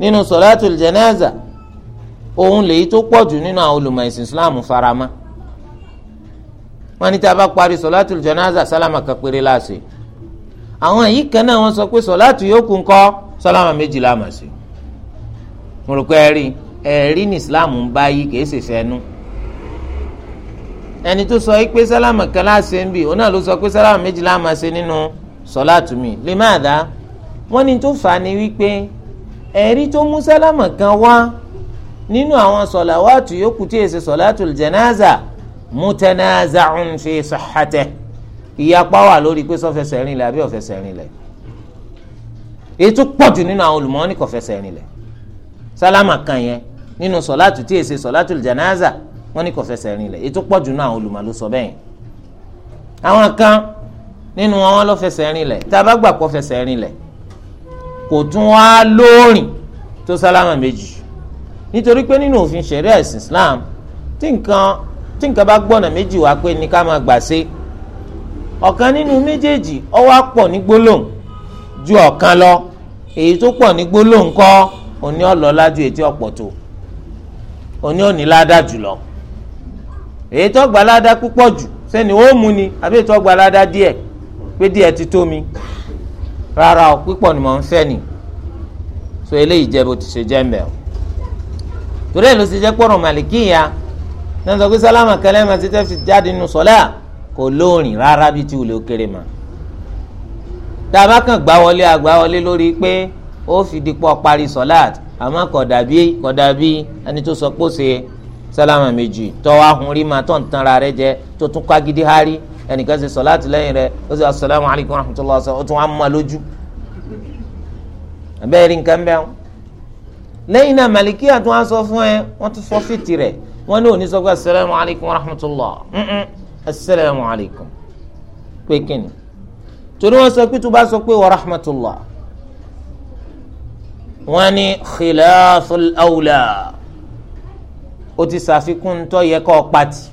nínú sọ̀látùl jẹ́nàza òun lèyí tó pọ̀jù nínú àwọn olùmọ̀ ẹ̀sìn Islam farama wọ́n ní tí a bá parí sọ̀látùl jẹ́nàza sálámà kan péré láàṣẹ àwọn èyí kan náà wọ́n sọ pé sọ̀láàtù yòókù ńkọ́ sálámà méjì la máa ṣe mo rò pé ẹ̀rí ẹ̀rí ní islam ń bá yí kìí ṣe fẹ́nu ẹni tó sọ pé sálámà kan láṣẹ ń bì òun náà ló sọ pé sálámà méjì la máa nínú sọ̀láàtù mi lè má dá wọ́n ní tó fà á ni wípé ẹ̀rí tó mú sálámà kan wá nínú àwọn sọ̀làwátù yòókù tí èsì sọ̀làtù jẹnáza mutanaza'un fi sihhatihi ìyapa wà lórí pé sọfẹsẹ̀ rinlẹ̀ àbí ọ̀fẹsẹ̀ rinlẹ̀ èyí tó pọ̀jù nínú àwọn olùmọ́ọ́nì kò fẹsẹ̀ rinlẹ̀ sálámà kan yẹn nínú sọ̀látù tí èsè sọ̀látù janaza wọ́n ní kò fẹsẹ̀ rinlẹ̀ èyí tó pọ̀jù nínú àwọn olùmọ̀ ló sọ bẹ́ẹ̀ àwọn kan nínú wọn ló fẹsẹ̀ rinlẹ̀ tá a bá gbà kó fẹsẹ̀ rinlẹ̀ kò tún wá lóòrìn tó sálámà méjì nítorí pé nínú òfin ṣẹ̀ríà ìsìn Islam tí nǹkan tí nǹkan bá gbọ́nà méjì wá pé ní ká máa gbà ṣe ọ̀kan nínú méjèèjì ó wá pọ̀ ní gbólóhùn ju ọ̀kan lọ èyí tó pọ̀ ní gbólóhùn kọ́ òní ọ̀lọ́lá ju ọ̀pọ̀ tó òní òní ládàá jùlọ èyí tó gba ládàá púpọ̀ jù sẹ́ni ó ni àbí tó gba ládàá pé díẹ̀ ti tó mi rárá o púpọ̀ ni mò ń fẹ́ ni so eléyìí jẹ́ bó ti ṣe jẹ́ mbẹ́ o torí ẹ̀ ló ti jẹ́ kò lóòrìn rárá bíi ti wùlé òkèrè mà tá a bá kàn gbá wọlé àgbá wọlé lórí pé ó fi dipọ̀ parí sọ́láàt àmọ́ kò dàbí kò dàbí ẹni tó sọ pé ó ṣe sálámà méjì tọ́wọ́ ahùn rí máa tọ̀ ń tanra rẹ jẹ tó tún ká gidi hárí ẹnìkan ṣe sọ́láàtì lẹ́yìn rẹ ó ṣe asalaamu alaykum wa rahmatulah ṣe ó tún wá mọ́ lójú abẹ́rẹ́ rí nǹkan bẹ́ẹ̀ lẹ́yìn náà màlìkí àtúnwá sọ fún ẹ wọ́n tún fọ́ fìtì rẹ̀ wọ́n ní òní sọ pé asalaamu alaykum wa asalaamu alaykum pé kíni torí wọn sọ pé tó bá sọ pé wa rahmatulah wọn ní khilaful awla o ti ṣàfikún tó yẹ kó pati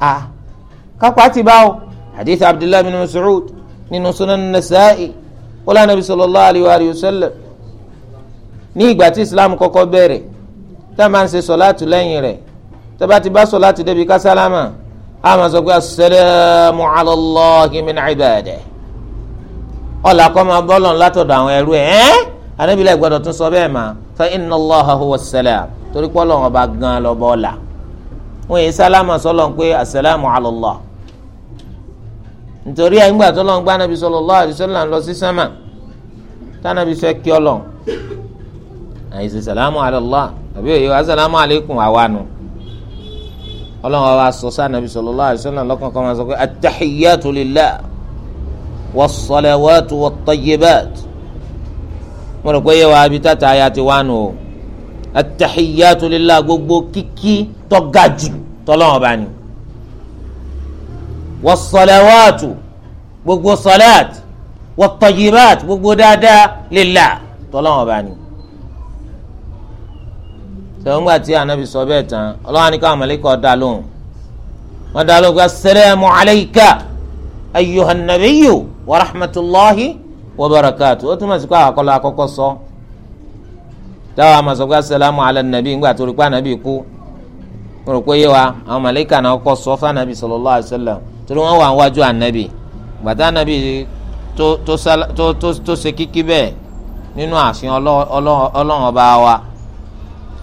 a ká pati báwo hadith abdullahi bin mas'ud nínú sunan nasa'i wala nabi sallallahu alayhi wa sallam ní ìgbà tí islam kọ́kọ́ bẹ̀rẹ̀ tá a máa ń ṣe sọ láti lẹ́yìn rẹ̀ tá a bá ti bá sọ láti débi ká sálámà a máa sọ pé asalaamu alallahi min ibadihi ọ̀là kọ́ máa bọ́lọ̀ látọ̀dọ̀ àwọn ẹrú ẹ̀ ẹ́ anábìlẹ̀ gbọ́dọ̀ tún sọ bẹ́ẹ̀ máa fa inna allaha huwa salaam torí pé Ọlọ́run ọba gan lọ bọ́ ọ̀la wọ́n yìí sálámà sọ́lọ̀ pé asalaamu alallah nítorí àyíngbà tó lọ́n gbá nàbí sallallahu alaihi wasallam lọ sí sámà tánàbí fẹ́ kí Ọlọ́run àyè sàlámù alallah àbí òye wa sàlámù alaykum àwa nù ọlọ́run ọba sọ sáà nàbí sallallahu alaihi wasallam lọ́kàn kan máa sọ pé at-tahiyyatu lillah was-salawatu wat-tayyibat mo rò pé yẹ wá abi tata aya ti wá nù o at gbogbo kíkí tọ́gàjù tọ́lọ́run ọba ni was-salawatu gbogbo salat wat-tayyibat gbogbo dáadáa lillah tọ́lọ́run ọba ni sọ̀rọ̀ ńgbà tí anabi sọ bẹ́ẹ̀ tán ọlọ́wà ní káwọn mọ̀lẹ́kọ̀ dá lóhùn wọ́n dá lóhùn gba sẹ́lẹ̀mù aleyka ayyuhannabiyu wa rahmatulahi wa barakatu ó túmọ̀ sí pé àwọn akọ́lọ́ akọ́kọ́ sọ táwọn àmọ̀ sọ gba sẹ́lẹ̀mù alẹ́nabi ńgbà tó rí pé anabi kú mo rò pé yé wa àwọn mọ̀lẹ́kà náà kọ́ sọ fún anabi sallallahu alayhi tó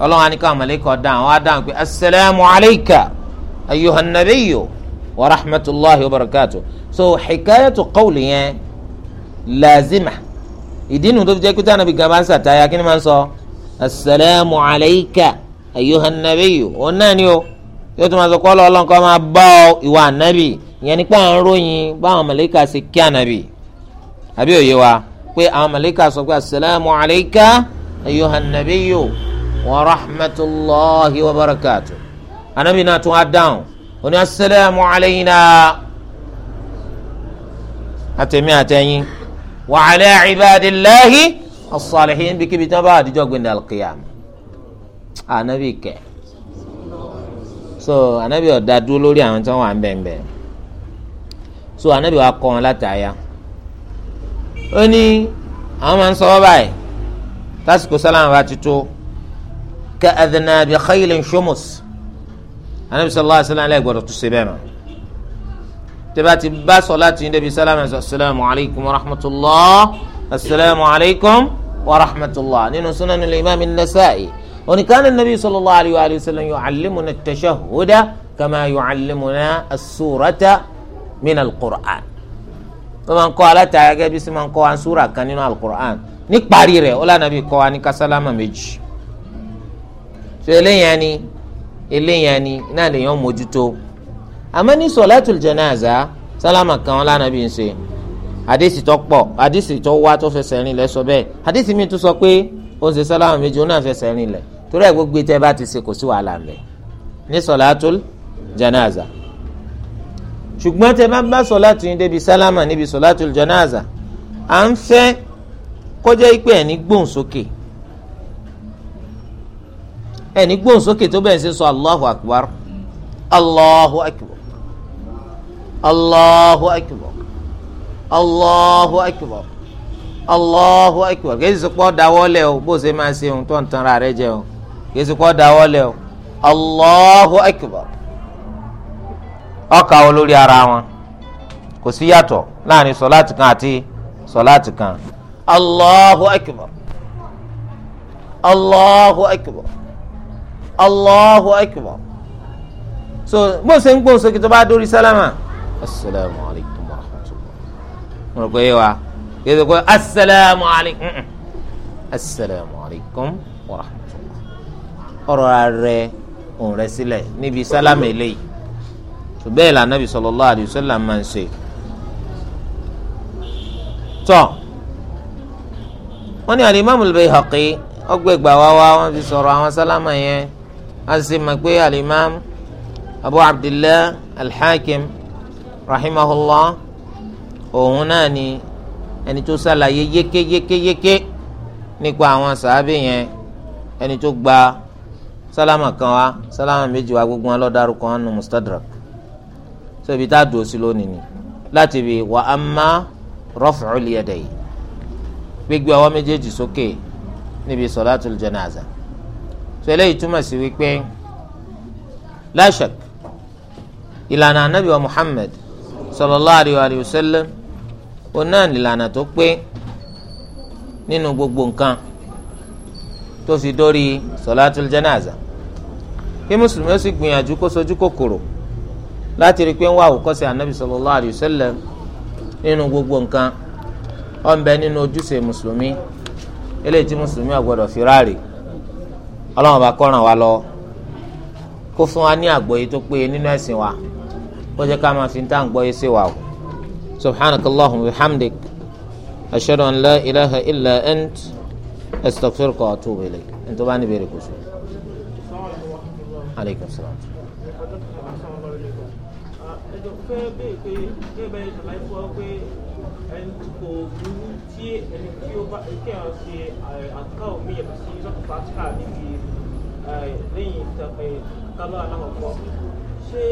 ọlọ́run àníkà àmàlẹ́kọ̀ dáhùn àwọn adáhùn pé asalaamu alayka ayuhan nabiyyu wa rahmatulahi wa barakatu so xikayatu qawli yẹn laazima ìdínú tó fi jẹ́ kí tànàbí gaba ń sàtáyà kí ni máa ń sọ asalaamu alayka ayuhan nabiyyu òun náà ni o yóò tún máa sọ kọ́lọ́ ọlọ́nkọ́ máa bá ọ ìwà ànábì ìyẹn nípa àwọn ròyìn báwọn màlẹ́kà ṣe kí ànábì àbí òye wa pé àwọn màlẹ́kà sọ pé asalaamu alayka ayuhan wa rahmatulahi wa barakatu anabi náà tún á dáhùn oní asalaamu alayna àtẹ̀mí àtẹ̀yìn wa ala ibadillahi as-salihin bíkíbi tí wọ́n bá alqiyam anabi kẹ́ so anabi ọ̀dà dúró lórí àwọn tí wọ́n wà so anabi wa kọ́ wọn látàáyà ó ní àwọn máa ń sọ ọ́ ti tó. كأذنى بخيل شمس النبي صلى الله عليه وسلم عليه قدرت السبامة تباتي با صلاة النبي صلى الله عليه وسلم السلام عليكم ورحمة الله السلام عليكم ورحمة الله نينو سنن الإمام النسائي وكان النبي صلى الله عليه وآله وسلم يعلمنا التشهد كما يعلمنا السورة من القرآن ومن قال تعالى بسم من قوان سورة كان القرآن نكباريري ولا نبي قوان كسلام مجي so eléyàn ni eléyàn ni náà lèyàn mójútó àmọ́ ní sọ̀látùl janaza sálámà kan lánàbí ń ṣe hadisi tó pọ̀ hadisi tó wá tó fẹsẹ̀ rìn lẹ̀ sọ bẹ́ẹ̀ hadisi mi tún sọ pé ó ń ṣe sálámà méjì ó náà fẹsẹ̀ rìn lẹ̀ torí ẹ̀ gbogbo tẹ́ bá ti ṣe kò sí wàhálà mẹ́ ní sọ̀látùl janaza ṣùgbọ́n tẹ́ bá bá sọ̀látù yín débi sálámà níbi sọ̀látùl janaza à ń fẹ́ kọjá ìpè ẹ̀ ní gbóhùn ẹni gbóhùn sókè tó bẹ́ẹ̀ ṣe sọ allahu akubar allahu akubar allahu akubar allahu akbar allahu akbar kì í ṣe pọ́ dáwọ́lẹ̀ o bó ṣe máa ṣe ohun tó ń tan ara rẹ jẹ o kì í o allahu akubar ọkà wọn ara wọn kò sí yàtọ̀ láàrin sọláàtì kan àti sọláàtì kan allahu akubar allahu akubar allahu akbar so bó ṣe ń gbóhùn sókè tó bá dórí sálámà asalaamu alaykum wa rahmatulah mo rò pé yé wa kí ló kọ́ asalaamu alaykum asalaamu alaykum wa rahmatulah ọ̀rọ̀ ààrẹ òun rẹ sílẹ̀ níbi sálámà eléyìí bẹ́ẹ̀ la nabi sallallahu alayhi wa sallam máa ń ṣe tọ́ wọ́n ní alimami Bayhaqi ọgbẹ́gbà wá wá wọ́n fi sọ̀rọ̀ àwọn sálámà yẹn a sì mọ̀ pé alimam abu abdillah alhakim rahimahullah òun náà ni ẹni tó ṣàlàyé yékéyékéyéké nípa àwọn sàábì yẹn ẹni tó gba sálámà kan wá sálámà méjì wá gbogbo wọn lọ dárúkọ wọn nù mustadrak so ibi tá a dùn sí lónìí ni láti bi wà á má rọ́fùrù lìyẹ̀dẹ̀ yìí gbígbé ọwọ́ méjèèjì sókè níbi sọ̀látùl jánásà so eléyìí túmọ̀ sí wípé láṣak ìlànà anabi wa muhammed sallallahu alayhi wa sallam òun náà nìlànà tó pé nínú gbogbo nǹkan tó fi dórí sọlátul janaza kí mùsùlùmí ó sì gbìyànjú kó sojú kòkòrò láti rí i pé ń wá àwòkọ́ṣe anabi sallallahu alayhi wa sallam nínú gbogbo nǹkan ó nínú ojúṣe mùsùlùmí eléyìí tí mùsùlùmí ò fi ráàrí ọlọ́run bá kọ́ ràn wá lọ kó fún wa ní àgbọ́yé tó péye nínú ẹ̀sìn wa kó jẹ́ ká máa fi ń tá à ń gbọ́yé sí wa o subhanakallahum wa hamdik ashhadu an la ilaha illa ant astaghfiruka wa atubu ilayk ẹni bá ní ìbéèrè sọ. aleykum salaam. ẹ̀jọ̀ fẹ́ bẹ́ẹ̀ pé bẹ́ẹ̀ bẹ́ẹ̀ ṣàlàyé fún ọ pé kò burú tí ẹni tí ó bá kí ẹ̀ ṣe àtúkà omi yẹ̀bù sí sọ́kù pátíkà níbi lẹ́yìn ìtàkàlọ́ alákọ̀ọ́kọ́ ṣé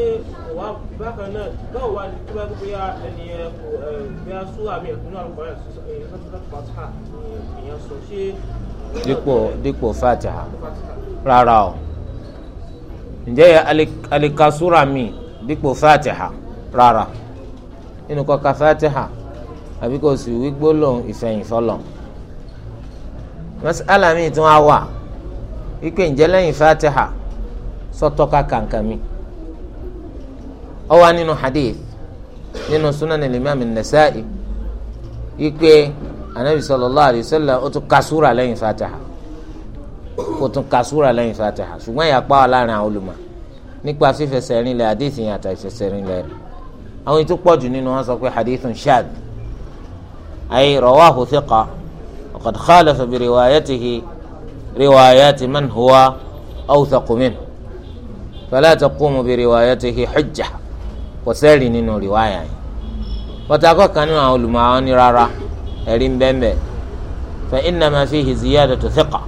wà bákan náà báwo wà ní tí wọ́n ti bóyá ẹni ẹ kò bóyá sún àmì ẹ̀kúnnú àlùkò rẹ̀ sọ́kù pátíkà ìyẹn sọ ṣé. dípò dípò fatiha rárá o alikasura mi dípò fatiha rárá inú kọ́ka fatiha àbí kò sì wí gbólóhùn ìfẹ̀yìn sọlọ alami tún á wà wípé ǹjẹ́ lẹ́yìn fatiha sọtọ́ka kankan mi ó wà nínú hadith nínú sunan al-imam an-nasa'i wípé anabi sallallahu alayhi wa sallam ó tún ka súra lẹ́yìn fatiha kò tún ka súra lẹ́yìn fatiha ṣùgbọ́n ìyapa wà láàrin àwọn olùmọ̀ nípa fífẹsẹ̀ rinlẹ̀ hadith yẹn àtàfẹsẹ̀ rinlẹ̀ àwọn ètò pọ̀jù nínú wọn sọ pé hadithun shadh أي رواه ثقة وقد خالف بروايته روايات من هو أوثق منه فلا تقوم بروايته حجة وسالي نينو رواية وتاكو كانوا أول معاني رارا ẹ̀rín bẹ́ẹ̀ فإنما فيه زيادة ثقة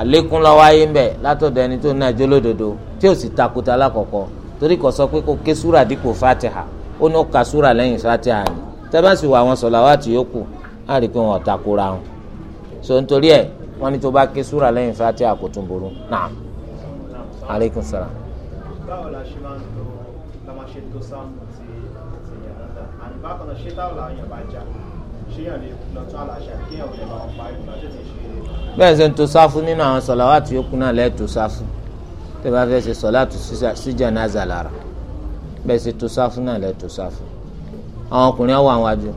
àlékún lọ́wọ́ ayé ń bẹ̀ látọ̀dọ̀ ẹni tó ní àjọlódodo tí ò sì takuta lákọ̀ọ́kọ́ torí kò sọ pé kò ké súrà dípò fatiha ó ní ó ka súrà lẹ́yìn fatiha ni tẹ́bàsì wà àwọn sọ̀làwátì yòókù á rí i pé wọn ọ̀tà kóra wọn so nítorí ẹ̀ wọ́n ní tó bá ké súrà lẹ́yìn fati àkótún burú náà aleykum salaam. báwo la ṣe máa ń lo lamashe tó sáàmù ti ti yàrá dá àní bákan náà ṣé táwọn làwọn yẹn bá bẹ́ẹ̀ ṣe ń to sáfù nínú àwọn sọ̀làwátì yòókù náà lẹ́ẹ̀ to sáfù tẹ́ bá fẹ́ ṣe sọ̀làtù sí jánásà lára bẹ́ẹ̀ ṣe to sáfù náà lẹ́ẹ̀ to sáfù àwọn ọkùnrin ọwọ́ àwọn àjò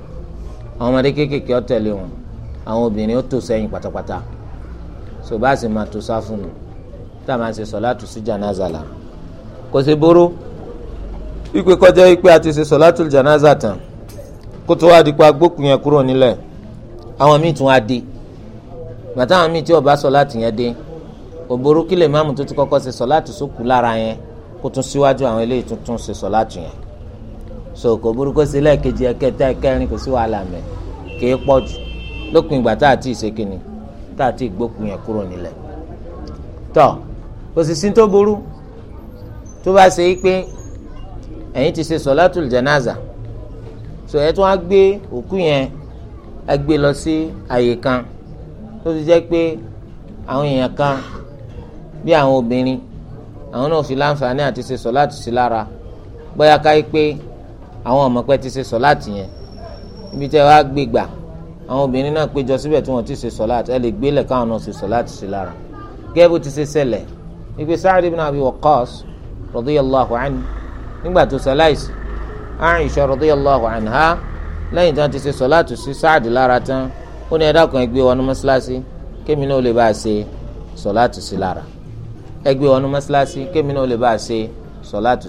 àwọn ọmọdé kéékèèké ó tẹ̀lé wọn àwọn obìnrin ó tò sẹ́yìn pátápátá so bá a sì máa tó sá fún un tá a máa ṣe sọ̀látù sí jànáza la kò sí bóró ìpè kọjá ìpè àti ṣe sọ̀látù jànáza tán kó tó wá di pa gbókùn yẹn kúrò nílẹ̀ àwọn míì tún á dé gbàtà àwọn míì tí ó bá sọ̀látù yẹn dé òbóró kílè máàmù tó ti kọ́kọ́ ṣe sọ̀látù sókù lára yẹn kó tún síwájú àwọn eléyìí tuntun ṣe sọ̀látù yẹn so kò burúkú sí lẹ́ẹ̀kejì ẹ̀kẹta ẹ̀kẹrin kò sí wàhálà mẹ́ kì í pọ̀ jù lópin ìgbà tá a ti ṣe kínni tá a ti gbókun yẹn kúrò nílẹ̀ tọ́ kò sì sí tó burú tó bá ṣe pé ẹ̀yin ti ṣe sọ̀látùl janaza so ẹ̀ tó wá gbé òkú yẹn ẹ gbé lọ sí àyè kan tó ti jẹ́ pé àwọn èèyàn kan bí àwọn obìnrin àwọn náà fi láǹfààní àti ṣe sọ̀látù sí lára bóyá ká yí pé àwọn ọmọ pẹ́ ti ṣe sọ̀láàtì yẹn ibi tẹ́ wàá gbé gbà àwọn obìnrin náà péjọ síbẹ̀ tí wọ́n ti ṣe sọ̀láàtì ẹ lè gbélẹ̀ káwọn náà ṣe sọ̀láàtì sí lára gẹ́gẹ́ bó ti ṣe ṣẹlẹ̀ ìgbé Sa'd ibn Abi Waqqas radiyallahu anhu nígbà tó ṣaláìsì Aisha radiyallahu anha lẹ́yìn tí wọ́n ti ṣe sọ̀láàtì sí Sa'd lára tán ó ní ẹ dákun ẹ gbé wọnú mọ́ṣáláṣí kémi náà ó lè bá a ṣe sọ̀láàtì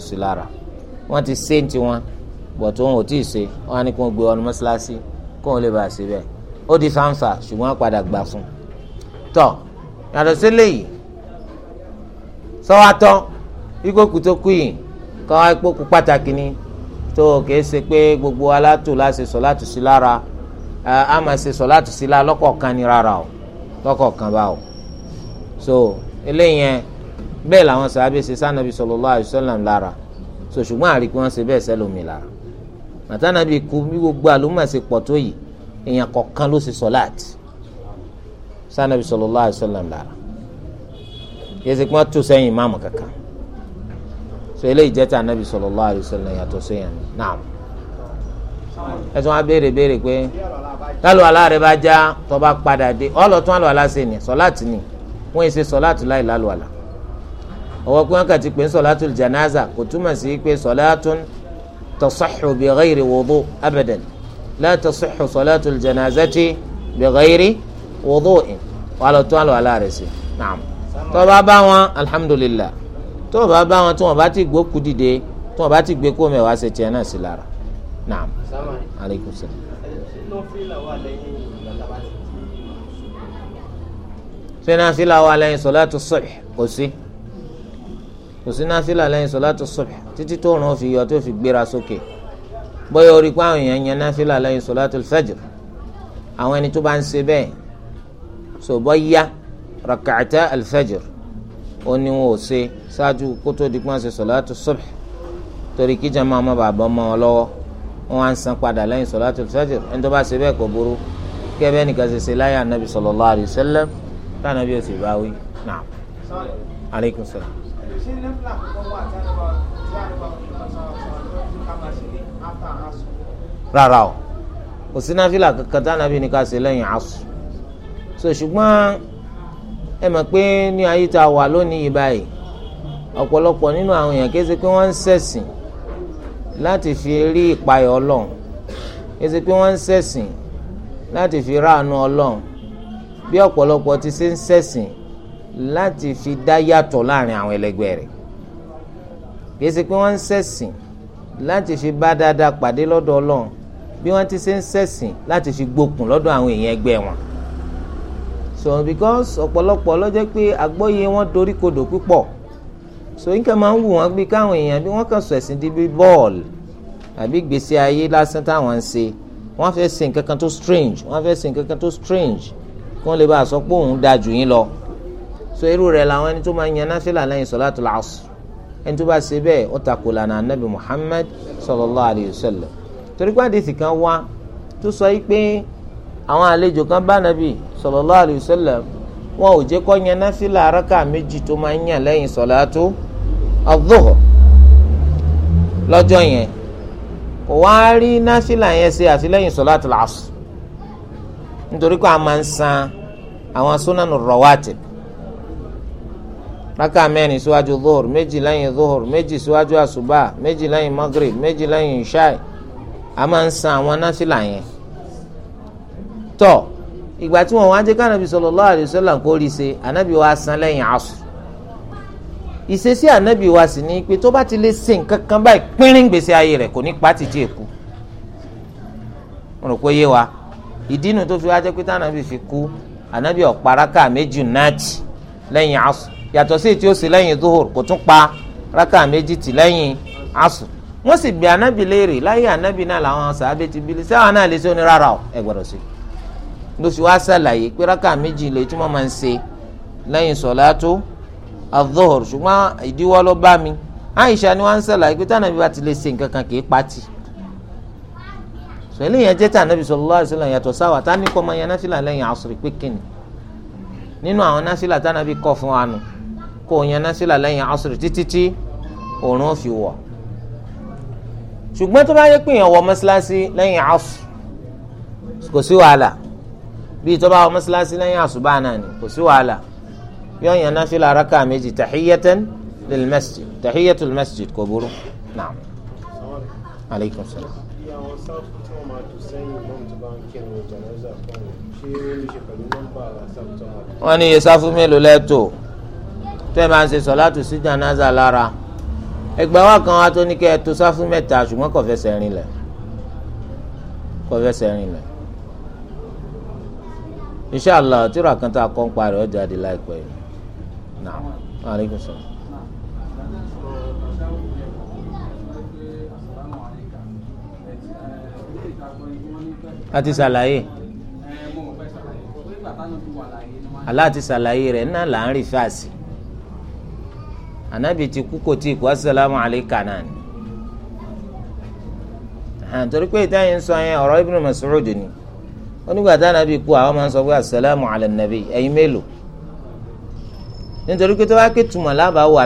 sí lára ẹ bọ̀ tó wọn ò tí ì ṣe wọn á ní kó wọn gbé wọn mọ́ṣáláṣí kó wọn lè bá a ṣe bẹ́ẹ̀ ó di fáńfà ṣùgbọ́n wọn padà gbà fún un tọ́ yàtọ̀ sí léyìí sọ́wọ́tọ́ ikókù tó kú yìí kọ́ ikókù pàtàkì ni tó kìí ṣe pé gbogbo alátò láti sọ láti sí lára a máa ṣe sọ láti sí lára lọ́kọ̀ọ̀kan ni rárá o lọ́kọ̀ọ̀kan bá o so eléyẹn bẹ́ẹ̀ làwọn sàábẹ̀ ṣe sànàbí sallallahu alaihi lára so ṣùgbọ́n àríkú wọn ṣe bẹ́ẹ̀ sẹ́lómi lára màtá nàbí kú bí gbogbo àlùmọ̀ọ́sẹ̀ pọ̀ tó yìí èèyàn kọ̀ọ̀kan ló ṣe sọ̀láàtì sanabi sallallahu alaihi wasallam lára yẹsẹ kí wọn tó sẹ́yìn ìmáàmù kankan so eléyìí jẹ́ tà nàbí sallallahu alaihi wasallam yàtọ̀ sẹ́yìn náà ẹsùn wa béèrè béèrè pé tálù aláàrẹ bá já tó bá padà dé ọlọtún àlọ aláṣẹ ni sọláàtì ni wọn èsè sọláàtì láì lálù àlà ọwọ pé wọn kà ti pè ń janaza kò túmọ̀ sí pé sọláàtù تصح بغير وضوء أبدا لا تصح صلاة الجنازة بغير وضوء wàhálà tó àlọ́ àlá rẹ̀ sí naam tó bá bá wọn alhamdulillah tó bá bá wọn tí wọn bá ti gbókù dìde tí wọn bá ti gbé kó mẹ́wàá ṣe tiẹ̀ náà sí lára naam aleykum salaam. sinasi la wà lẹ́yìn sọlá tó sọ̀rọ̀ kò sí kò sí náfìlà lẹ́yìn sọ̀látù subh títí tó rùn fi yọ tó fi gbéra sókè bóyá orí pa àwọn èèyàn yẹn náfìlà lẹ́yìn sọ̀látù fajr àwọn ẹni tó bá ń ṣe bẹ́ẹ̀ sọ bóyá rakata alfajr ó ní wọn ò ṣe ṣáájú kó tó di pọ́n ṣe sọ̀látù subh torí kí jàmá ọmọ bàbá ọmọ wọn lọ́wọ́ wọn á san padà lẹ́yìn sọ̀látù fajr ẹni tó bá ṣe bẹ́ẹ̀ kò burú kẹ́bẹ́ nìkan ṣé nẹ́fìlà rárá o kò sí náfìlà kankan tí ànábì ní ká ṣe lẹ́yìn asu so ṣùgbọ́n ẹ mọ̀ pé ní ayé tá a wà lónìí yìí báyìí ọ̀pọ̀lọpọ̀ nínú àwọn èèyàn kése pé wọ́n ń ṣẹ̀sìn láti fi rí ìpayọ̀ ọlọ́run kése pé wọ́n ń ṣẹ̀sìn láti fi ráàánú ọlọ́run bí ọ̀pọ̀lọpọ̀ ti ṣe ń ṣẹ̀sìn láti fi dá yàtọ̀ láàrin àwọn ẹlẹgbẹ́ rẹ̀ kìí ṣe pé wọ́n ń ṣẹ̀sìn láti fi bá dáadáa pàdé lọ́dọ̀ ọlọ́run bí wọ́n ti ṣe ń ṣẹ̀sìn láti fi gbókun lọ́dọ̀ àwọn èèyàn ẹgbẹ́ wọn so because ọ̀pọ̀lọpọ̀ ló jẹ́ pé àgbọ́yé wọn dorí kodò púpọ̀ so nǹkan máa ń wù wọ́n bí káwọn èèyàn bí wọ́n kàn sọ ẹ̀sìn di bí bọ́ọ̀lù àbí gbèsè ayé lásán táwọn ń ṣe wọ́n fẹ́ ṣe nǹkan kan tó strange wọ́n fẹ́ ṣe nǹkan kan tó strange kí wọ́n lè bá a sọ pé òun dáa jù yín lọ so irú rẹ̀ làwọn ẹni tó máa ń yan nafila lẹ́yìn sọláàtù làásù ẹni tó bá ṣe bẹ́ẹ̀ ó takò lànà anabi muhammad sallallahu alayhi wa sallam torí pé àdìsí kan wá tó sọ yìí pé àwọn àlejò kan bá nàbì sallallahu alayhi wa sallam wọn ò jẹ́ kó yan nafila araka méjì tó máa ń yàn lẹ́yìn sọláàtù adúhọ lọ́jọ́ yẹn kò wá rí nafila yẹn ṣe àfi lẹ́yìn làásù nítorí pé a máa ń san àwọn súnánù rawatib raka mẹ́rin síwájú zuhur méjì lẹ́yìn zuhur méjì síwájú àṣùbà méjì lẹ́yìn magrib méjì lẹ́yìn ishai a máa ń san àwọn násìlà yẹn tọ ìgbà tí wọn wá jẹ kánábì sallallahu alaihi wasallam kó rí ṣe ànábì wa san lẹ́yìn asr ìṣesí ànábì wa sì ni pé tó bá ti lè ṣe nǹkan kan báyìí pínrín gbèsè ayé rẹ̀ kò ní pa títí èkú rò pé yé wa ìdí inú tó fi wá jẹ pé tànàbì fi kú ànábì ó yàtọ̀ sí tí ó sì lẹ́yìn zuhur kò tún pa rákà méjì tì lẹ́yìn asùn wọ́n sì bí anabi léèrè láyé anabi náà làwọn sàábẹ́ ti bílẹ̀ sáwọn náà lè ṣe oní rárá o ẹ gbọ́dọ̀ sí lóṣù wa ṣàlàyé pé rákà méjì lè túmọ̀ máa ń ṣe lẹ́yìn sọ̀látó adóhùr ṣùgbọ́n ìdíwọ́ ló bá mi Aisha ni wọ́n ń ṣàlàyé pé tànàbí bá ti lè ṣe nǹkan kan kì í pati sọ̀rọ̀ yẹn jẹ́ tànàbí sallallahu alaihi wasallam yàtọ̀ sáwà tani kọ́ máa yan náfìlà lẹ́yìn àṣírí pé kìnnì nínú àwọn náfìlà tànàbí kó o yan násìlà lẹ́yìn asiri títí tí òórùn fi wọ̀ ṣùgbọ́n tó bá yẹ pé èèyàn wọ mọ́ṣáláṣí lẹ́yìn asù kò sí wàhálà bíi tó bá wọ mọ́ṣáláṣí lẹ́yìn àṣùbà náà ni kò sí wàhálà yọ yan násìlà raka méjì tahiyatan lil masjid tahiyatul masjid kò burú naam aleykum salaam wọ́n ní iye sáfù mélòó lẹ́tọ̀ọ́ tó ẹ bá ń ṣe sọ̀látù sí jànáza lára ẹgbẹ́ wa kan wá tó ní kẹ́ ẹ tó sáfù mẹ́ta ṣùgbọ́n kò fẹsẹ̀ rìn lẹ̀ kò fẹsẹ̀ rìn lẹ̀ inṣàlá tíra kan tá a kọ́ ń parí ọjà di láìpẹ́ yìí naam aleykum salaam. a ti ṣàlàyé aláàtì ṣàlàyé rẹ̀ náà là ń rí fáàsì anabi ti kú kò tí kú asalaamu alayka náà ni torí pé ìtàn yìí ń sọ yẹn ọ̀rọ̀ Ibn Mas'ud ni onígbà tá anabi kú àwọn máa ń sọ pé asalaamu ala nabi ẹ̀yin mélòó nítorí pé tó bá ké tuma lábàáwò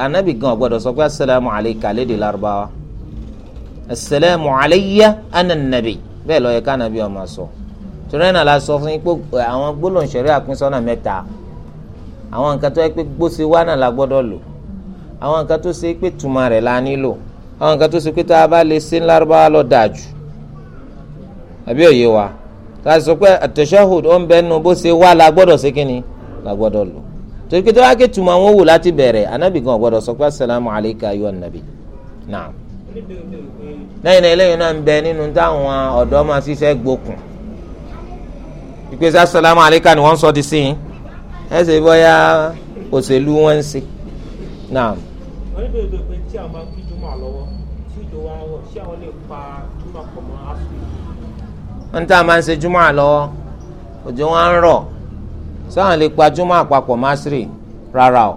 anabi gan ọ̀gbọ́dọ̀ sọ pé asalaamu alayka lédè Lárúbáwá asalaamu alayya ana nabi bẹ́ẹ̀ ló yẹ ká anabi ó máa sọ torí náà la sọ fún yín pé àwọn gbólóhùn ṣẹ̀rí àpínsọ́nà mẹ́ta àwọn nǹkan tó yẹ pé gbóṣe wá la gbọ́dọ̀ lò àwọn nǹkan tó ṣe pé tuma rẹ̀ la nílò àwọn nǹkan tó ṣe pé tá a bá lè ṣe ńlárúbáwá lọ dáa jù àbí òye wa tá a sọ pé àtẹ̀sọ́hùd ó ń bẹ́ nu bó ṣe wá la gbọ́dọ̀ ṣe kínni la gbọ́dọ̀ lò torí pé tó wá ké tuma wọn wò láti bẹ̀rẹ̀ anábì gan gbọ́dọ̀ sọ pé asalaamu alayka ayo anabi naam lẹ́yìn eléyìí náà ń bẹ nínú táwọn ọ̀dọ́ máa ṣiṣẹ́ gbókùn ìpèsè asalaamu alayka ni wọ́n sọ ti sìn ẹ̀ ṣe bọ́yá òṣèlú wọn ń ṣe naam wọ́n ní bèrè pé tí àwọn máa ń kí jùmọ̀ lọ́wọ́ tí ìjọ wa wọ̀ sí àwọn lè pa jùmọ̀ pọ̀ mọ́ àṣù. wọ́n tá a máa ń ṣe jùmọ̀ lọ́wọ́ òjò wọn ń rọ̀ sáwọn lè pa jùmọ̀ àpapọ̀ másìrì rárá o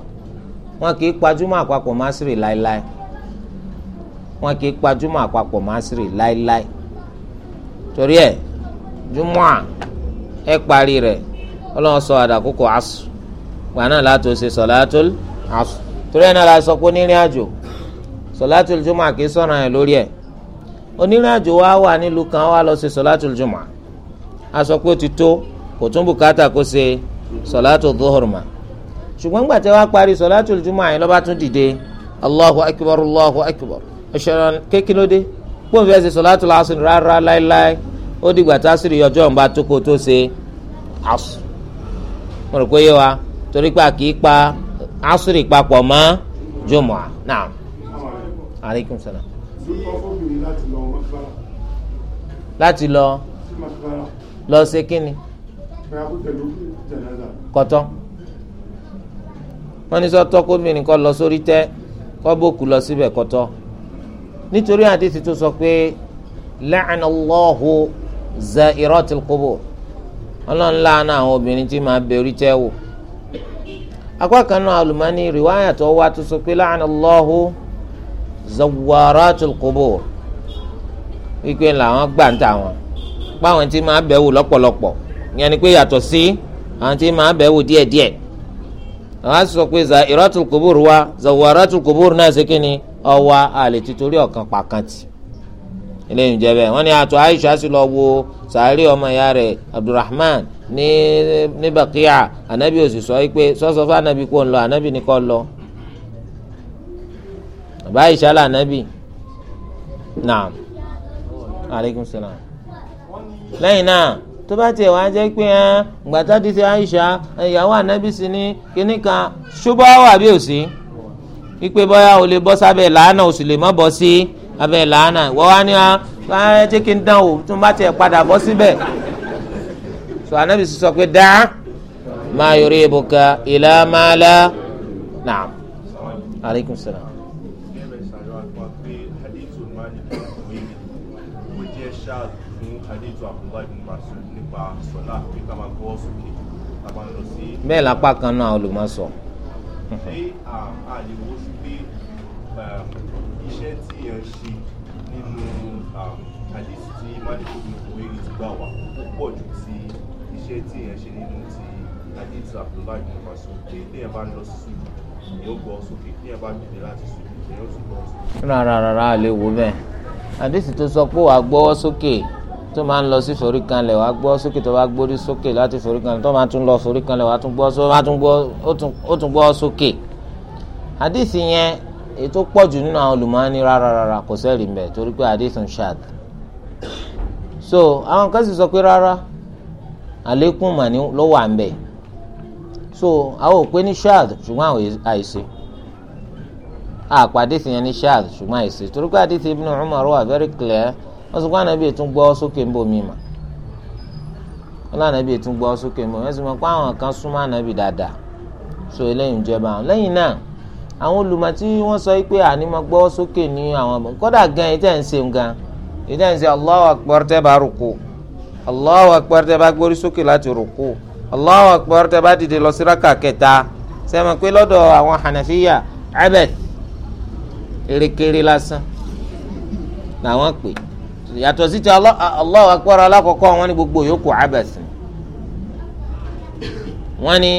wọn kì í pa jùmọ̀ àpapọ̀ másìrì láéláé wọn kì í pa jùmọ̀ àpapọ̀ másìrì láéláé torí ẹ̀ jùmọ̀ ẹ parí rẹ̀ ọlọ́run sọ àdàkókò asù gbaná látò ṣe sọ̀látò asù. torí ẹ̀ náà sọ pé onírìn àjò sọláàtúl jùmọ̀ kì í lórí onírìn àjò wa wà nílùú kan wa lọ sí sọláàtúl a sọ pé ó ti tó kò tún bùkátà kó ṣe sọláàtúl dọ́hùrùmá ṣùgbọ́n gbà tẹ́ wá parí sọláàtúl jùmọ̀ yẹn lọ́ba tún dìde allahu akbar allahu akbar ẹ̀ṣọ̀rọ̀ kékinóde pọ́ùn fẹ́ ṣe sọláàtúl asùn rárá láéláé ó dìgbà wa torí pé asúrì papọ̀ mọ́ jùmọ̀ náà aleykum salaam. láti lọ lọ ṣe kínni kọtọ wọn ní sọtọ kó mi lọ sórí tẹ kọ bókù lọ kọtọ nítorí àdìsí tó sọ pé la'anallahu za'irat al-qubur ọlọ́run láàánú àwọn obìnrin máa apá kan náà alùmánì rìwáyà tó wá tó sọ pé láàánú lọ́hù zawaratul qubur wípé làwọn gbà ń tà wọn páwọn tí máa bẹ̀wò lọ́pọ̀lọpọ̀ ìyẹn ni pé yàtọ̀ sí àwọn tí máa bẹ̀wò díẹ̀díẹ̀ àwọn sọ pé zairatul qubur wa zawaratul qubur náà ṣe kí ni ọwa àlè títorí ọ̀kan pàkàntì eléyìí jẹ́ wọ́n ní àtọ̀ Aisha sì lọ wo sàárè ọmọ ìyá rẹ̀ Abdulrahman ní ní bàkíyà anabi ò sì sọ wípé fún anabi kò ń lọ anabi ni kò lọ bàbá ìṣàlẹ̀ anabi naam aleykum salaam lẹ́yìn náà tó bá tiẹ̀ wá jẹ́ pé ẹ́ gbàtà di ti anabi kíní kan àbí òsì wípé bóyá o lè bọ́ sábẹ́ làánà o sì lè má bọ́ sí abẹ́ làánà so anabi sọ pé dá máa yọrí ibùkà ìlà máa la naam aleykum salaam. bẹ́ẹ̀ lápá kan náà olùmọ̀sọ. ṣé àlewo sí pé um, iṣẹ́ tí èèyàn ṣe nínú um, àdìsí tí mádìkù ní kòwéèrè ti gbà wá ó jù sí iṣẹ́ tí èèyàn ṣe nínú ti hadith abdullahi bin masoud pé tí èèyàn bá lọ sí sùn ni ó gbọ́ sókè tí èèyàn bá dìde láti sùn ni ó sì gbọ́ sókè. rárá rárá lè wo bẹ́ẹ̀ hadith tó sọ pé wàá gbọ́wọ́ sókè tó máa ń lọ sí forí kanlẹ̀ wàá gbọ́ sókè tó bá gbórí sókè láti forí kanlẹ̀ tó máa tún lọ forí kanlẹ̀ wàá tún gbọ́ ó tún gbọ́ sókè hadith yẹn ètò pọ̀jù nínú àwọn olùmọ̀ọ́ni rárá rárá kò sẹ́rìí mbẹ̀ torí pé hadith ń ṣáàdì so àwọn kan sì sọ pé rárá alekun màní ló wà ń bẹ̀ so àwọn òpé ní shad ṣùgbọ́n àwọn àìsè àpàdé ti yẹn ní shad ṣùgbọ́n àìsè very clear wọ́n sọ pé ànábì ètún gbọ́ sókè ń bò mí mà wọ́n lànàbì ètún gbọ́ sókè ń bò mí wọ́n pé àwọn kan súnmọ́ dáadáa so eléyìí ń jẹba àwọn lẹ́yìn náà àwọn olùmọ̀ tí wọ́n sọ pé àní gbọ́ sókè ní àwọn Allahu akbar tẹ́ bá gbori sókè láti rùkú Allahu akbar tẹ́ bá dìde lọ sí rákà kẹta sẹ́mi pé àwọn hànàfíyà abẹ́t erékeré na làwọn pè yàtọ̀ sí ti Allahu akbar alákọ̀ọ́kọ́ wọn ni gbogbo yòókù abẹ́t wọn ni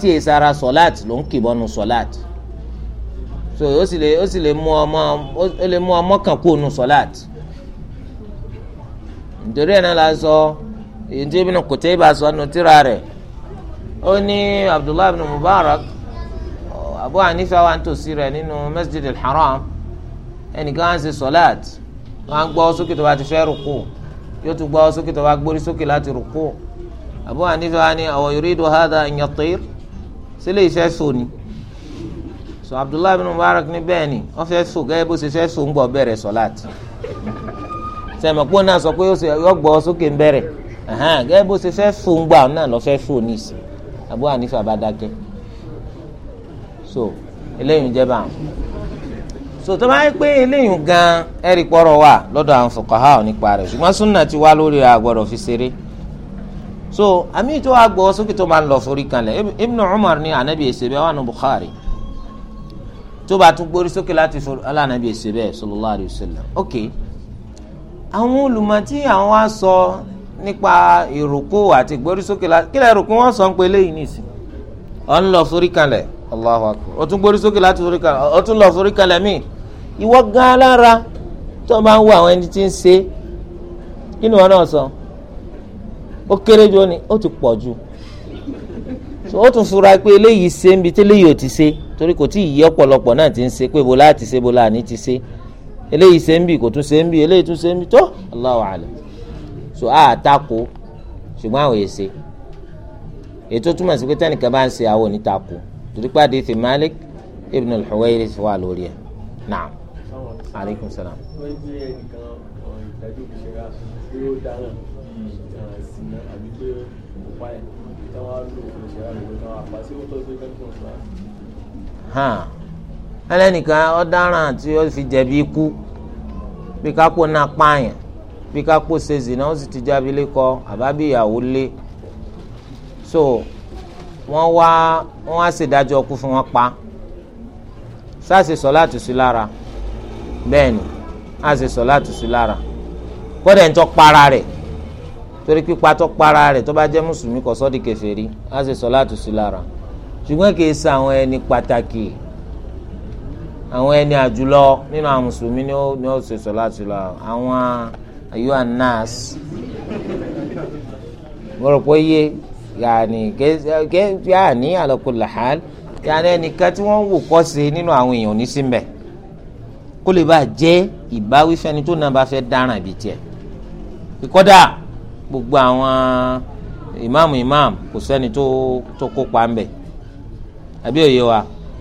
tí ló ń so sì mú kan nítorí ẹ̀ náà la sọ èyí tí Ibn Qutayba sọ nù tírà rẹ̀ ó ní Abdullahi ibn Mubarak Abu Hanifa wa ń tòsí rẹ̀ nínú Masjid al-Haram ẹnìkan á ń ṣe sọ́láàtì wọ́n á gbọ́ sókè tó bá ti fẹ́ rúkú yóò tún gbọ́ sókè tó bá gbórí sókè láti rúkú Abu Hanifa ni àwọn yuridu hadha an yatir sílẹ̀ ìfẹ́ sọ ni sọ Abdullahi ibn Mubarak ní bẹ́ẹ̀ ni wọ́n fẹ́ sọ bó ṣe fẹ́ sọ ń gbọ́ bẹ̀rẹ̀ sọ́láàtì sẹ́mi pọ́n náà sọ pé yóò gbọ́ sókè ń bẹ̀rẹ̀ gẹ́gẹ́ bó ṣe fẹ́ fún gbà náà lọ fẹ́ fún ní ìsìn Abu Hanifa bá dákẹ́ so eléyìí ń jẹ́ bá so tó bá yẹ pé eléyìí gan ẹ̀rí pọ̀rọ̀ wà lọ́dọ̀ àwọn fuqaha nípa rẹ̀ ṣùgbọ́n súnà ti wá lórí àgbọ̀dọ̀ fi ṣeré so àmì tó wàá gbọ́ sókè tó máa ń lọ forí kanlẹ̀ Ibn Umar ní anabi èsè bẹ́ẹ̀ wà Bukhari tó bá tún gbórí sókè láti fọ alánàbí èsè bẹ́ẹ̀ sallallahu alayhi wa sallam okay àwọn olùmọ̀ tí àwọn wá sọ nípa ìrókò àti ìgbórísókè la kí lè rògbò wọn sọ ń pe eléyìí nìsín ọ ń lọ sórí kalẹ̀ Allahu akbar ọ tún gbórísókè láti sórí kalẹ̀ ọ tún lọ sórí kalẹ̀ míì ìwọ gan alára tó máa ń wo àwọn ẹni tí ń ṣe kí ni wọn náà sọ ó kéré jù ó ní ó ti pọ̀ jù ó tún fura pé eléyìí ṣe ń bi tí eléyìí ò ti ṣe torí kò tí ì yí ọ̀pọ̀lọpọ̀ náà ti ń ṣe pé bó láti ṣe bó láà ti ṣe eléyìí ṣe ń bì kò tún ṣe ń bì eléyìí tún ṣe ń bì tó Allahu alam so a tako ṣùgbọ́n àwọn èsè ètò túmọ̀ sí pé tẹ́nìkan bá ń ṣe àwọn onítako torí pàdé ti Malik ibn al-Huwayrith wà lórí ẹ̀ naam aleykum salaam. hàn ẹlẹ́nìkan ọ̀daràn tí ó fi jẹ̀bi ikú bí kápò náà pààyàn bí kápò ṣe zìnà ó sì ti jábí lékọ àbábí ìyàwó lé so wọ́n wá wọ́n wá ṣèdájọ́ ọkú fún wọn pa sáàsì sọ̀láàtù sí lára bẹ́ẹ̀ ni á sì sọ̀láàtù sí lára kọ́dẹ̀ ń tọ́ para rẹ̀ torí pípa tọ́ para rẹ̀ tó bá jẹ́ mùsùlùmí kò sọ́ di kèfèrí á sì sọ̀láàtù lára ṣùgbọ́n kì í sa àwọn ẹni pàtàkì àwọn ẹni àjùlọ nínú àwọn mùsùlùmí ni ó ni ó ṣe sọ̀láàtì lọ àwọn ayúwà nas wọ́n pọ̀ yé yàní ké yàní àlọ́kùnlé hàn yàní ẹnìkan tí wọ́n ń wò kọ́ sí nínú àwọn èèyàn ní símbẹ̀ kó lè bá jẹ́ ìbáwí fẹ́ni tó náà bá fẹ́ dáràn ibi tiẹ̀ kódà gbogbo àwọn ìmáàmù ìmáàmù kò sẹ́ni tó tó kópa ńbẹ̀ àbí òye wa.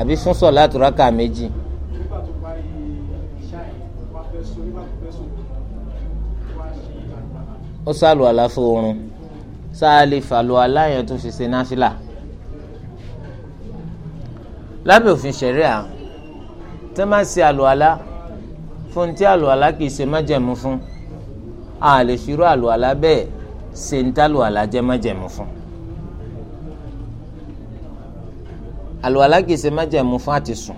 àbí sún sọ̀láàtì rákà méjì. ó sàlù àlàfo oorun sáàlì fàlù aláyàn tó fi ṣe náfìlà lábẹ́ òfin ṣẹ̀ríà tẹ́ máa ṣe àlùalá fún tí àlùalá kì í ṣe májẹ̀mú fún a lè fi irú àlùalá bẹ́ẹ̀ ṣe ń tálùalá jẹ́ májẹ̀mú fún un. àlùwàlá kìí ṣe májẹ̀mú fún àti sùn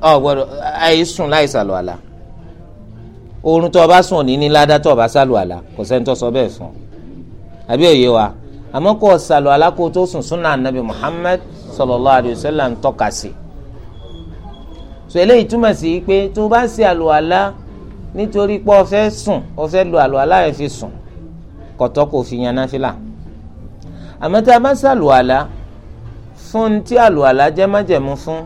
ọ gbọ́dọ̀ àì sùn láì sàlùwàlá oorun tó o bá sùn òní ní ládá tó o bá sàlùwàlá kò sẹ́ni tó sọ bẹ́ẹ̀ fún àbí òye wa àmọ́ kò sàlùwàlá kó o tó sùn súnà ànábì Muhammad sallallahu alayhi wa sallam ń tọ́ka sí so eléyìí túmọ̀ sí pé tó o bá ṣe àlùwàlá nítorí pé o fẹ́ sùn o fẹ́ lo àlùwàlá yẹn fi sùn kọ̀tọ́ kò fi yan náfìlà àmọ́ tá a bá sàlùwàlá fún tí àlùwàlá jẹ́ májẹ̀mú fún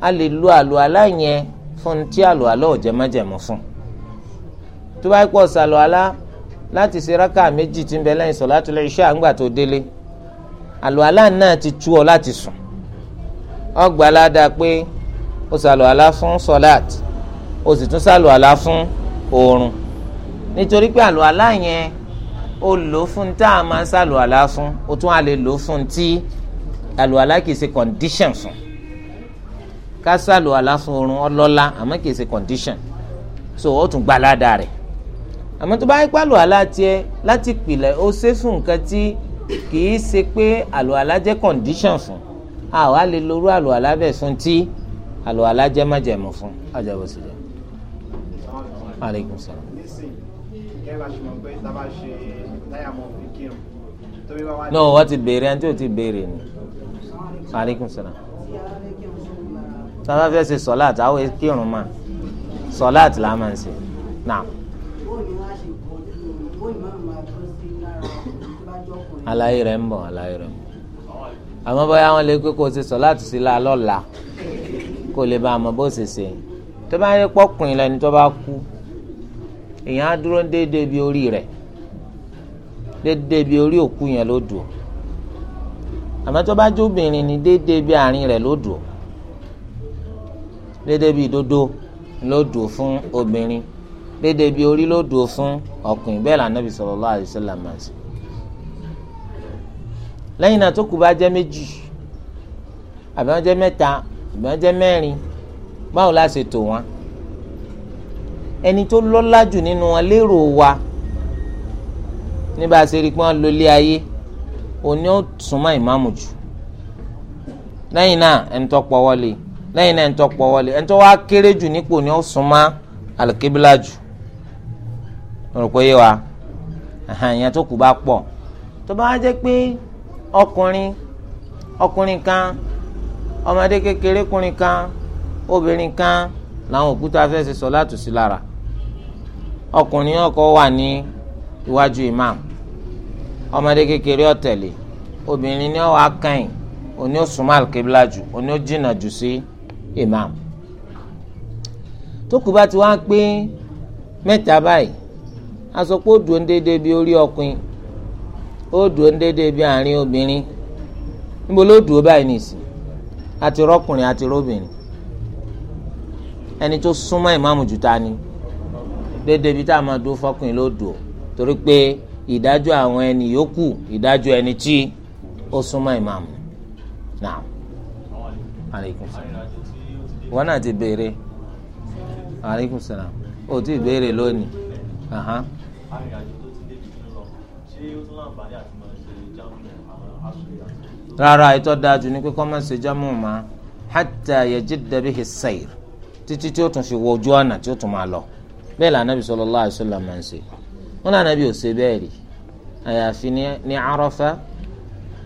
a lè lo àlùwàlá yẹn fún tí àlùwàlá ò jẹ́ májẹ̀mú fún tó bá pọ̀ sàlùwàlá láti ṣe rákà méjì tí ń bẹ lẹ́yìn sọ̀látul ìṣá àǹgbà tó délé àlùwàlá náà ti tú ọ láti sùn ọgbà ládàá pé ó sàlùwàlá fún sọ̀lát ó sì tún sàlùwàlá fún oorun nítorí pé àlùwàlá yẹn ó lò fún tá a máa ń fún ó tún á lè lò fún tí àlùwàlá kìí ṣe condition fún ká sàlùwàlá fún oorun ọlọ́lá àmọ́ kìí ṣe condition so ó tún gba aládàá rẹ̀ àmọ́ tó bá yẹ pé àlùwàlá tiẹ̀ láti pìlẹ̀ ó ṣe fún nǹkan tí kìí ṣe pé àlùwàlá jẹ́ condition fún àwa lè lorú àlùwàlá bẹ̀ fún tí àlùwàlá jẹ́ májẹ̀mú fún ọjọ́ sì jẹ́ aleykum salaam. no wọ́n ti béèrè ẹni tí ò ti béèrè ni aleykum salaam. sábà fẹ́ ṣe sọ́láàtì àwọn ekírun mà sọ́láàtì là máa ń ṣe náà. àlàyé rẹ̀ ń bọ̀ àlàyé rẹ̀ ń bọ̀ àmọ́ bóyá wọn lè pé kó o ṣe sọ́láàtì sí la lọ́la kó o lè bá a mọ̀ bó ṣe ṣe tó bá yẹ pọ́kùn ìlànà tó bá kú èèyàn á dúró déédéé bí orí rẹ̀ déédéé bí orí òkú yẹn ló dùn àmọ́ tó bá jóbìnrin ni déédéé bí àárín rẹ̀ ló dùn déédéé bí dodo ló dùn fún obìnrin déédéé bí orí ló dùn fún ọkùnrin bẹ́ẹ̀ la Nabi sallallahu alaihi wasallam lẹ́yìn náà tó kù bá jẹ́ méjì àbí wọ́n jẹ́ mẹ́ta àbí wọ́n jẹ́ mẹ́rin báwo la ṣe tò wọn ẹni tó lọ́lá jù nínú wọn lérò wa ní bá a ṣe ayé. òní ó súnmọ́ ìmáàmù jù lẹ́yìn náà ẹ̀ńtọ́ pọ̀wọ́lé lẹ́yìn náà ẹ̀ńtọ́ pọ̀wọ́lé ẹ̀ńtọ́ wá kéré jù nípò ní ó súnmọ́ alùkébílà jù rò yé wa ìyẹn tó kù bá pọ tó bá wá pé ọkùnrin ọkùnrin kan ọmọdé kékeré kùnrin kan obìnrin kan làwọn òkúta fẹ́ ṣe sọ látòsí lára ọkùnrin ọkọ wà ní iwájú imam ọmọdé kékeré ọ̀tẹ̀lẹ̀ obìnrin ni ó wà kàn òní ó súnmọ́ àlùkébílà jù òní ó jìnnà jù sí imam tó kù bá ti wá pé mẹ́ta báyìí a sọ pé ó dùn ún déédéé bí orí ọkùnrin ó dùn ún déédéé bí àárín obìnrin níbo ló dùn ó báyìí nìsín àti rọkùnrin àti rọbìnrin ẹni tó súnmọ́ ìmáàmù jù ta ni déédéé bí tá a máa dúró fọkùnrin ló dùn torí pé ìdájọ́ àwọn ẹni yòókù ìdájọ́ ẹni tí ó súnmọ́ ìmáàmù náà aleykum salaam wọn náà ti béèrè aleykum salaam o ti béèrè lónìí. rárá ìtọ́ dájú ni pé kọ́ máa ṣe jámù mọ́ hatta yajidda bihi sayr títí tí ó tún fi wọ ojú ọ̀nà tí ó tún máa lọ bẹ́ẹ̀ l'Ànábì sallallahu alaihi wasallam máa ń wọn lànà bí ò bẹ́ẹ̀ rí àyàfi ní Arafa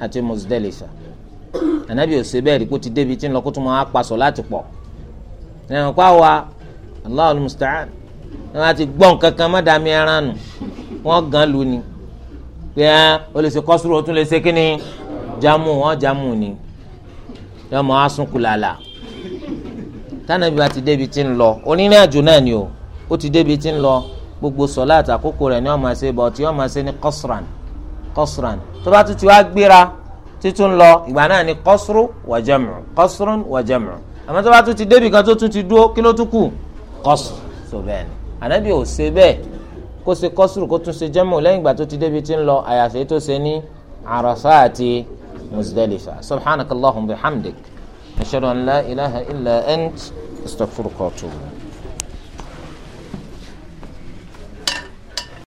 àti Muzdalifa ànábì ò ṣe bẹ́ẹ̀ rí kó ti débi tí ń lọ kó tún máa paṣọ láti pọ̀ ẹ̀hún pa wa Allahul musta'an wọn á ti gbọ́ nǹkan kan má dàmí ẹran nù wọn gan lu ni pé ẹ o kọ́sùrù o lè ṣe kíni jamu wọn jamu ni yọ mọ asunkulala tànàbí wa ti débi tí ń lọ onírìn àjò náà ni o ó ti débi tí ń lọ gbogbo sọlá àtàkókò rẹ̀ ni wọ́n máa ṣe bọ̀tí wọ́n máa ṣe ní kọ́sran kọ́sran tó bá tuntun wá gbéra títún lọ ìgbà náà ni kọ́srú wàjẹmù kọ́srún wàjẹmù àmọ́ tó bá tún ti débi kan tó tún ti dúró kí ló tún kù kọ́srù tó bẹ́ẹ̀ ni ànábì ò ṣe bẹ́ẹ̀ kó ṣe kọ́srù kó tún ṣe jẹ́mù lẹ́yìn ìgbà tó ti débi ti ń lọ àyàfi tó ṣe ní àràfà àti muzdalifa subhanakallahumma bihamdik ashhadu an la ilaha illa ant astaghfiruka wa atubu.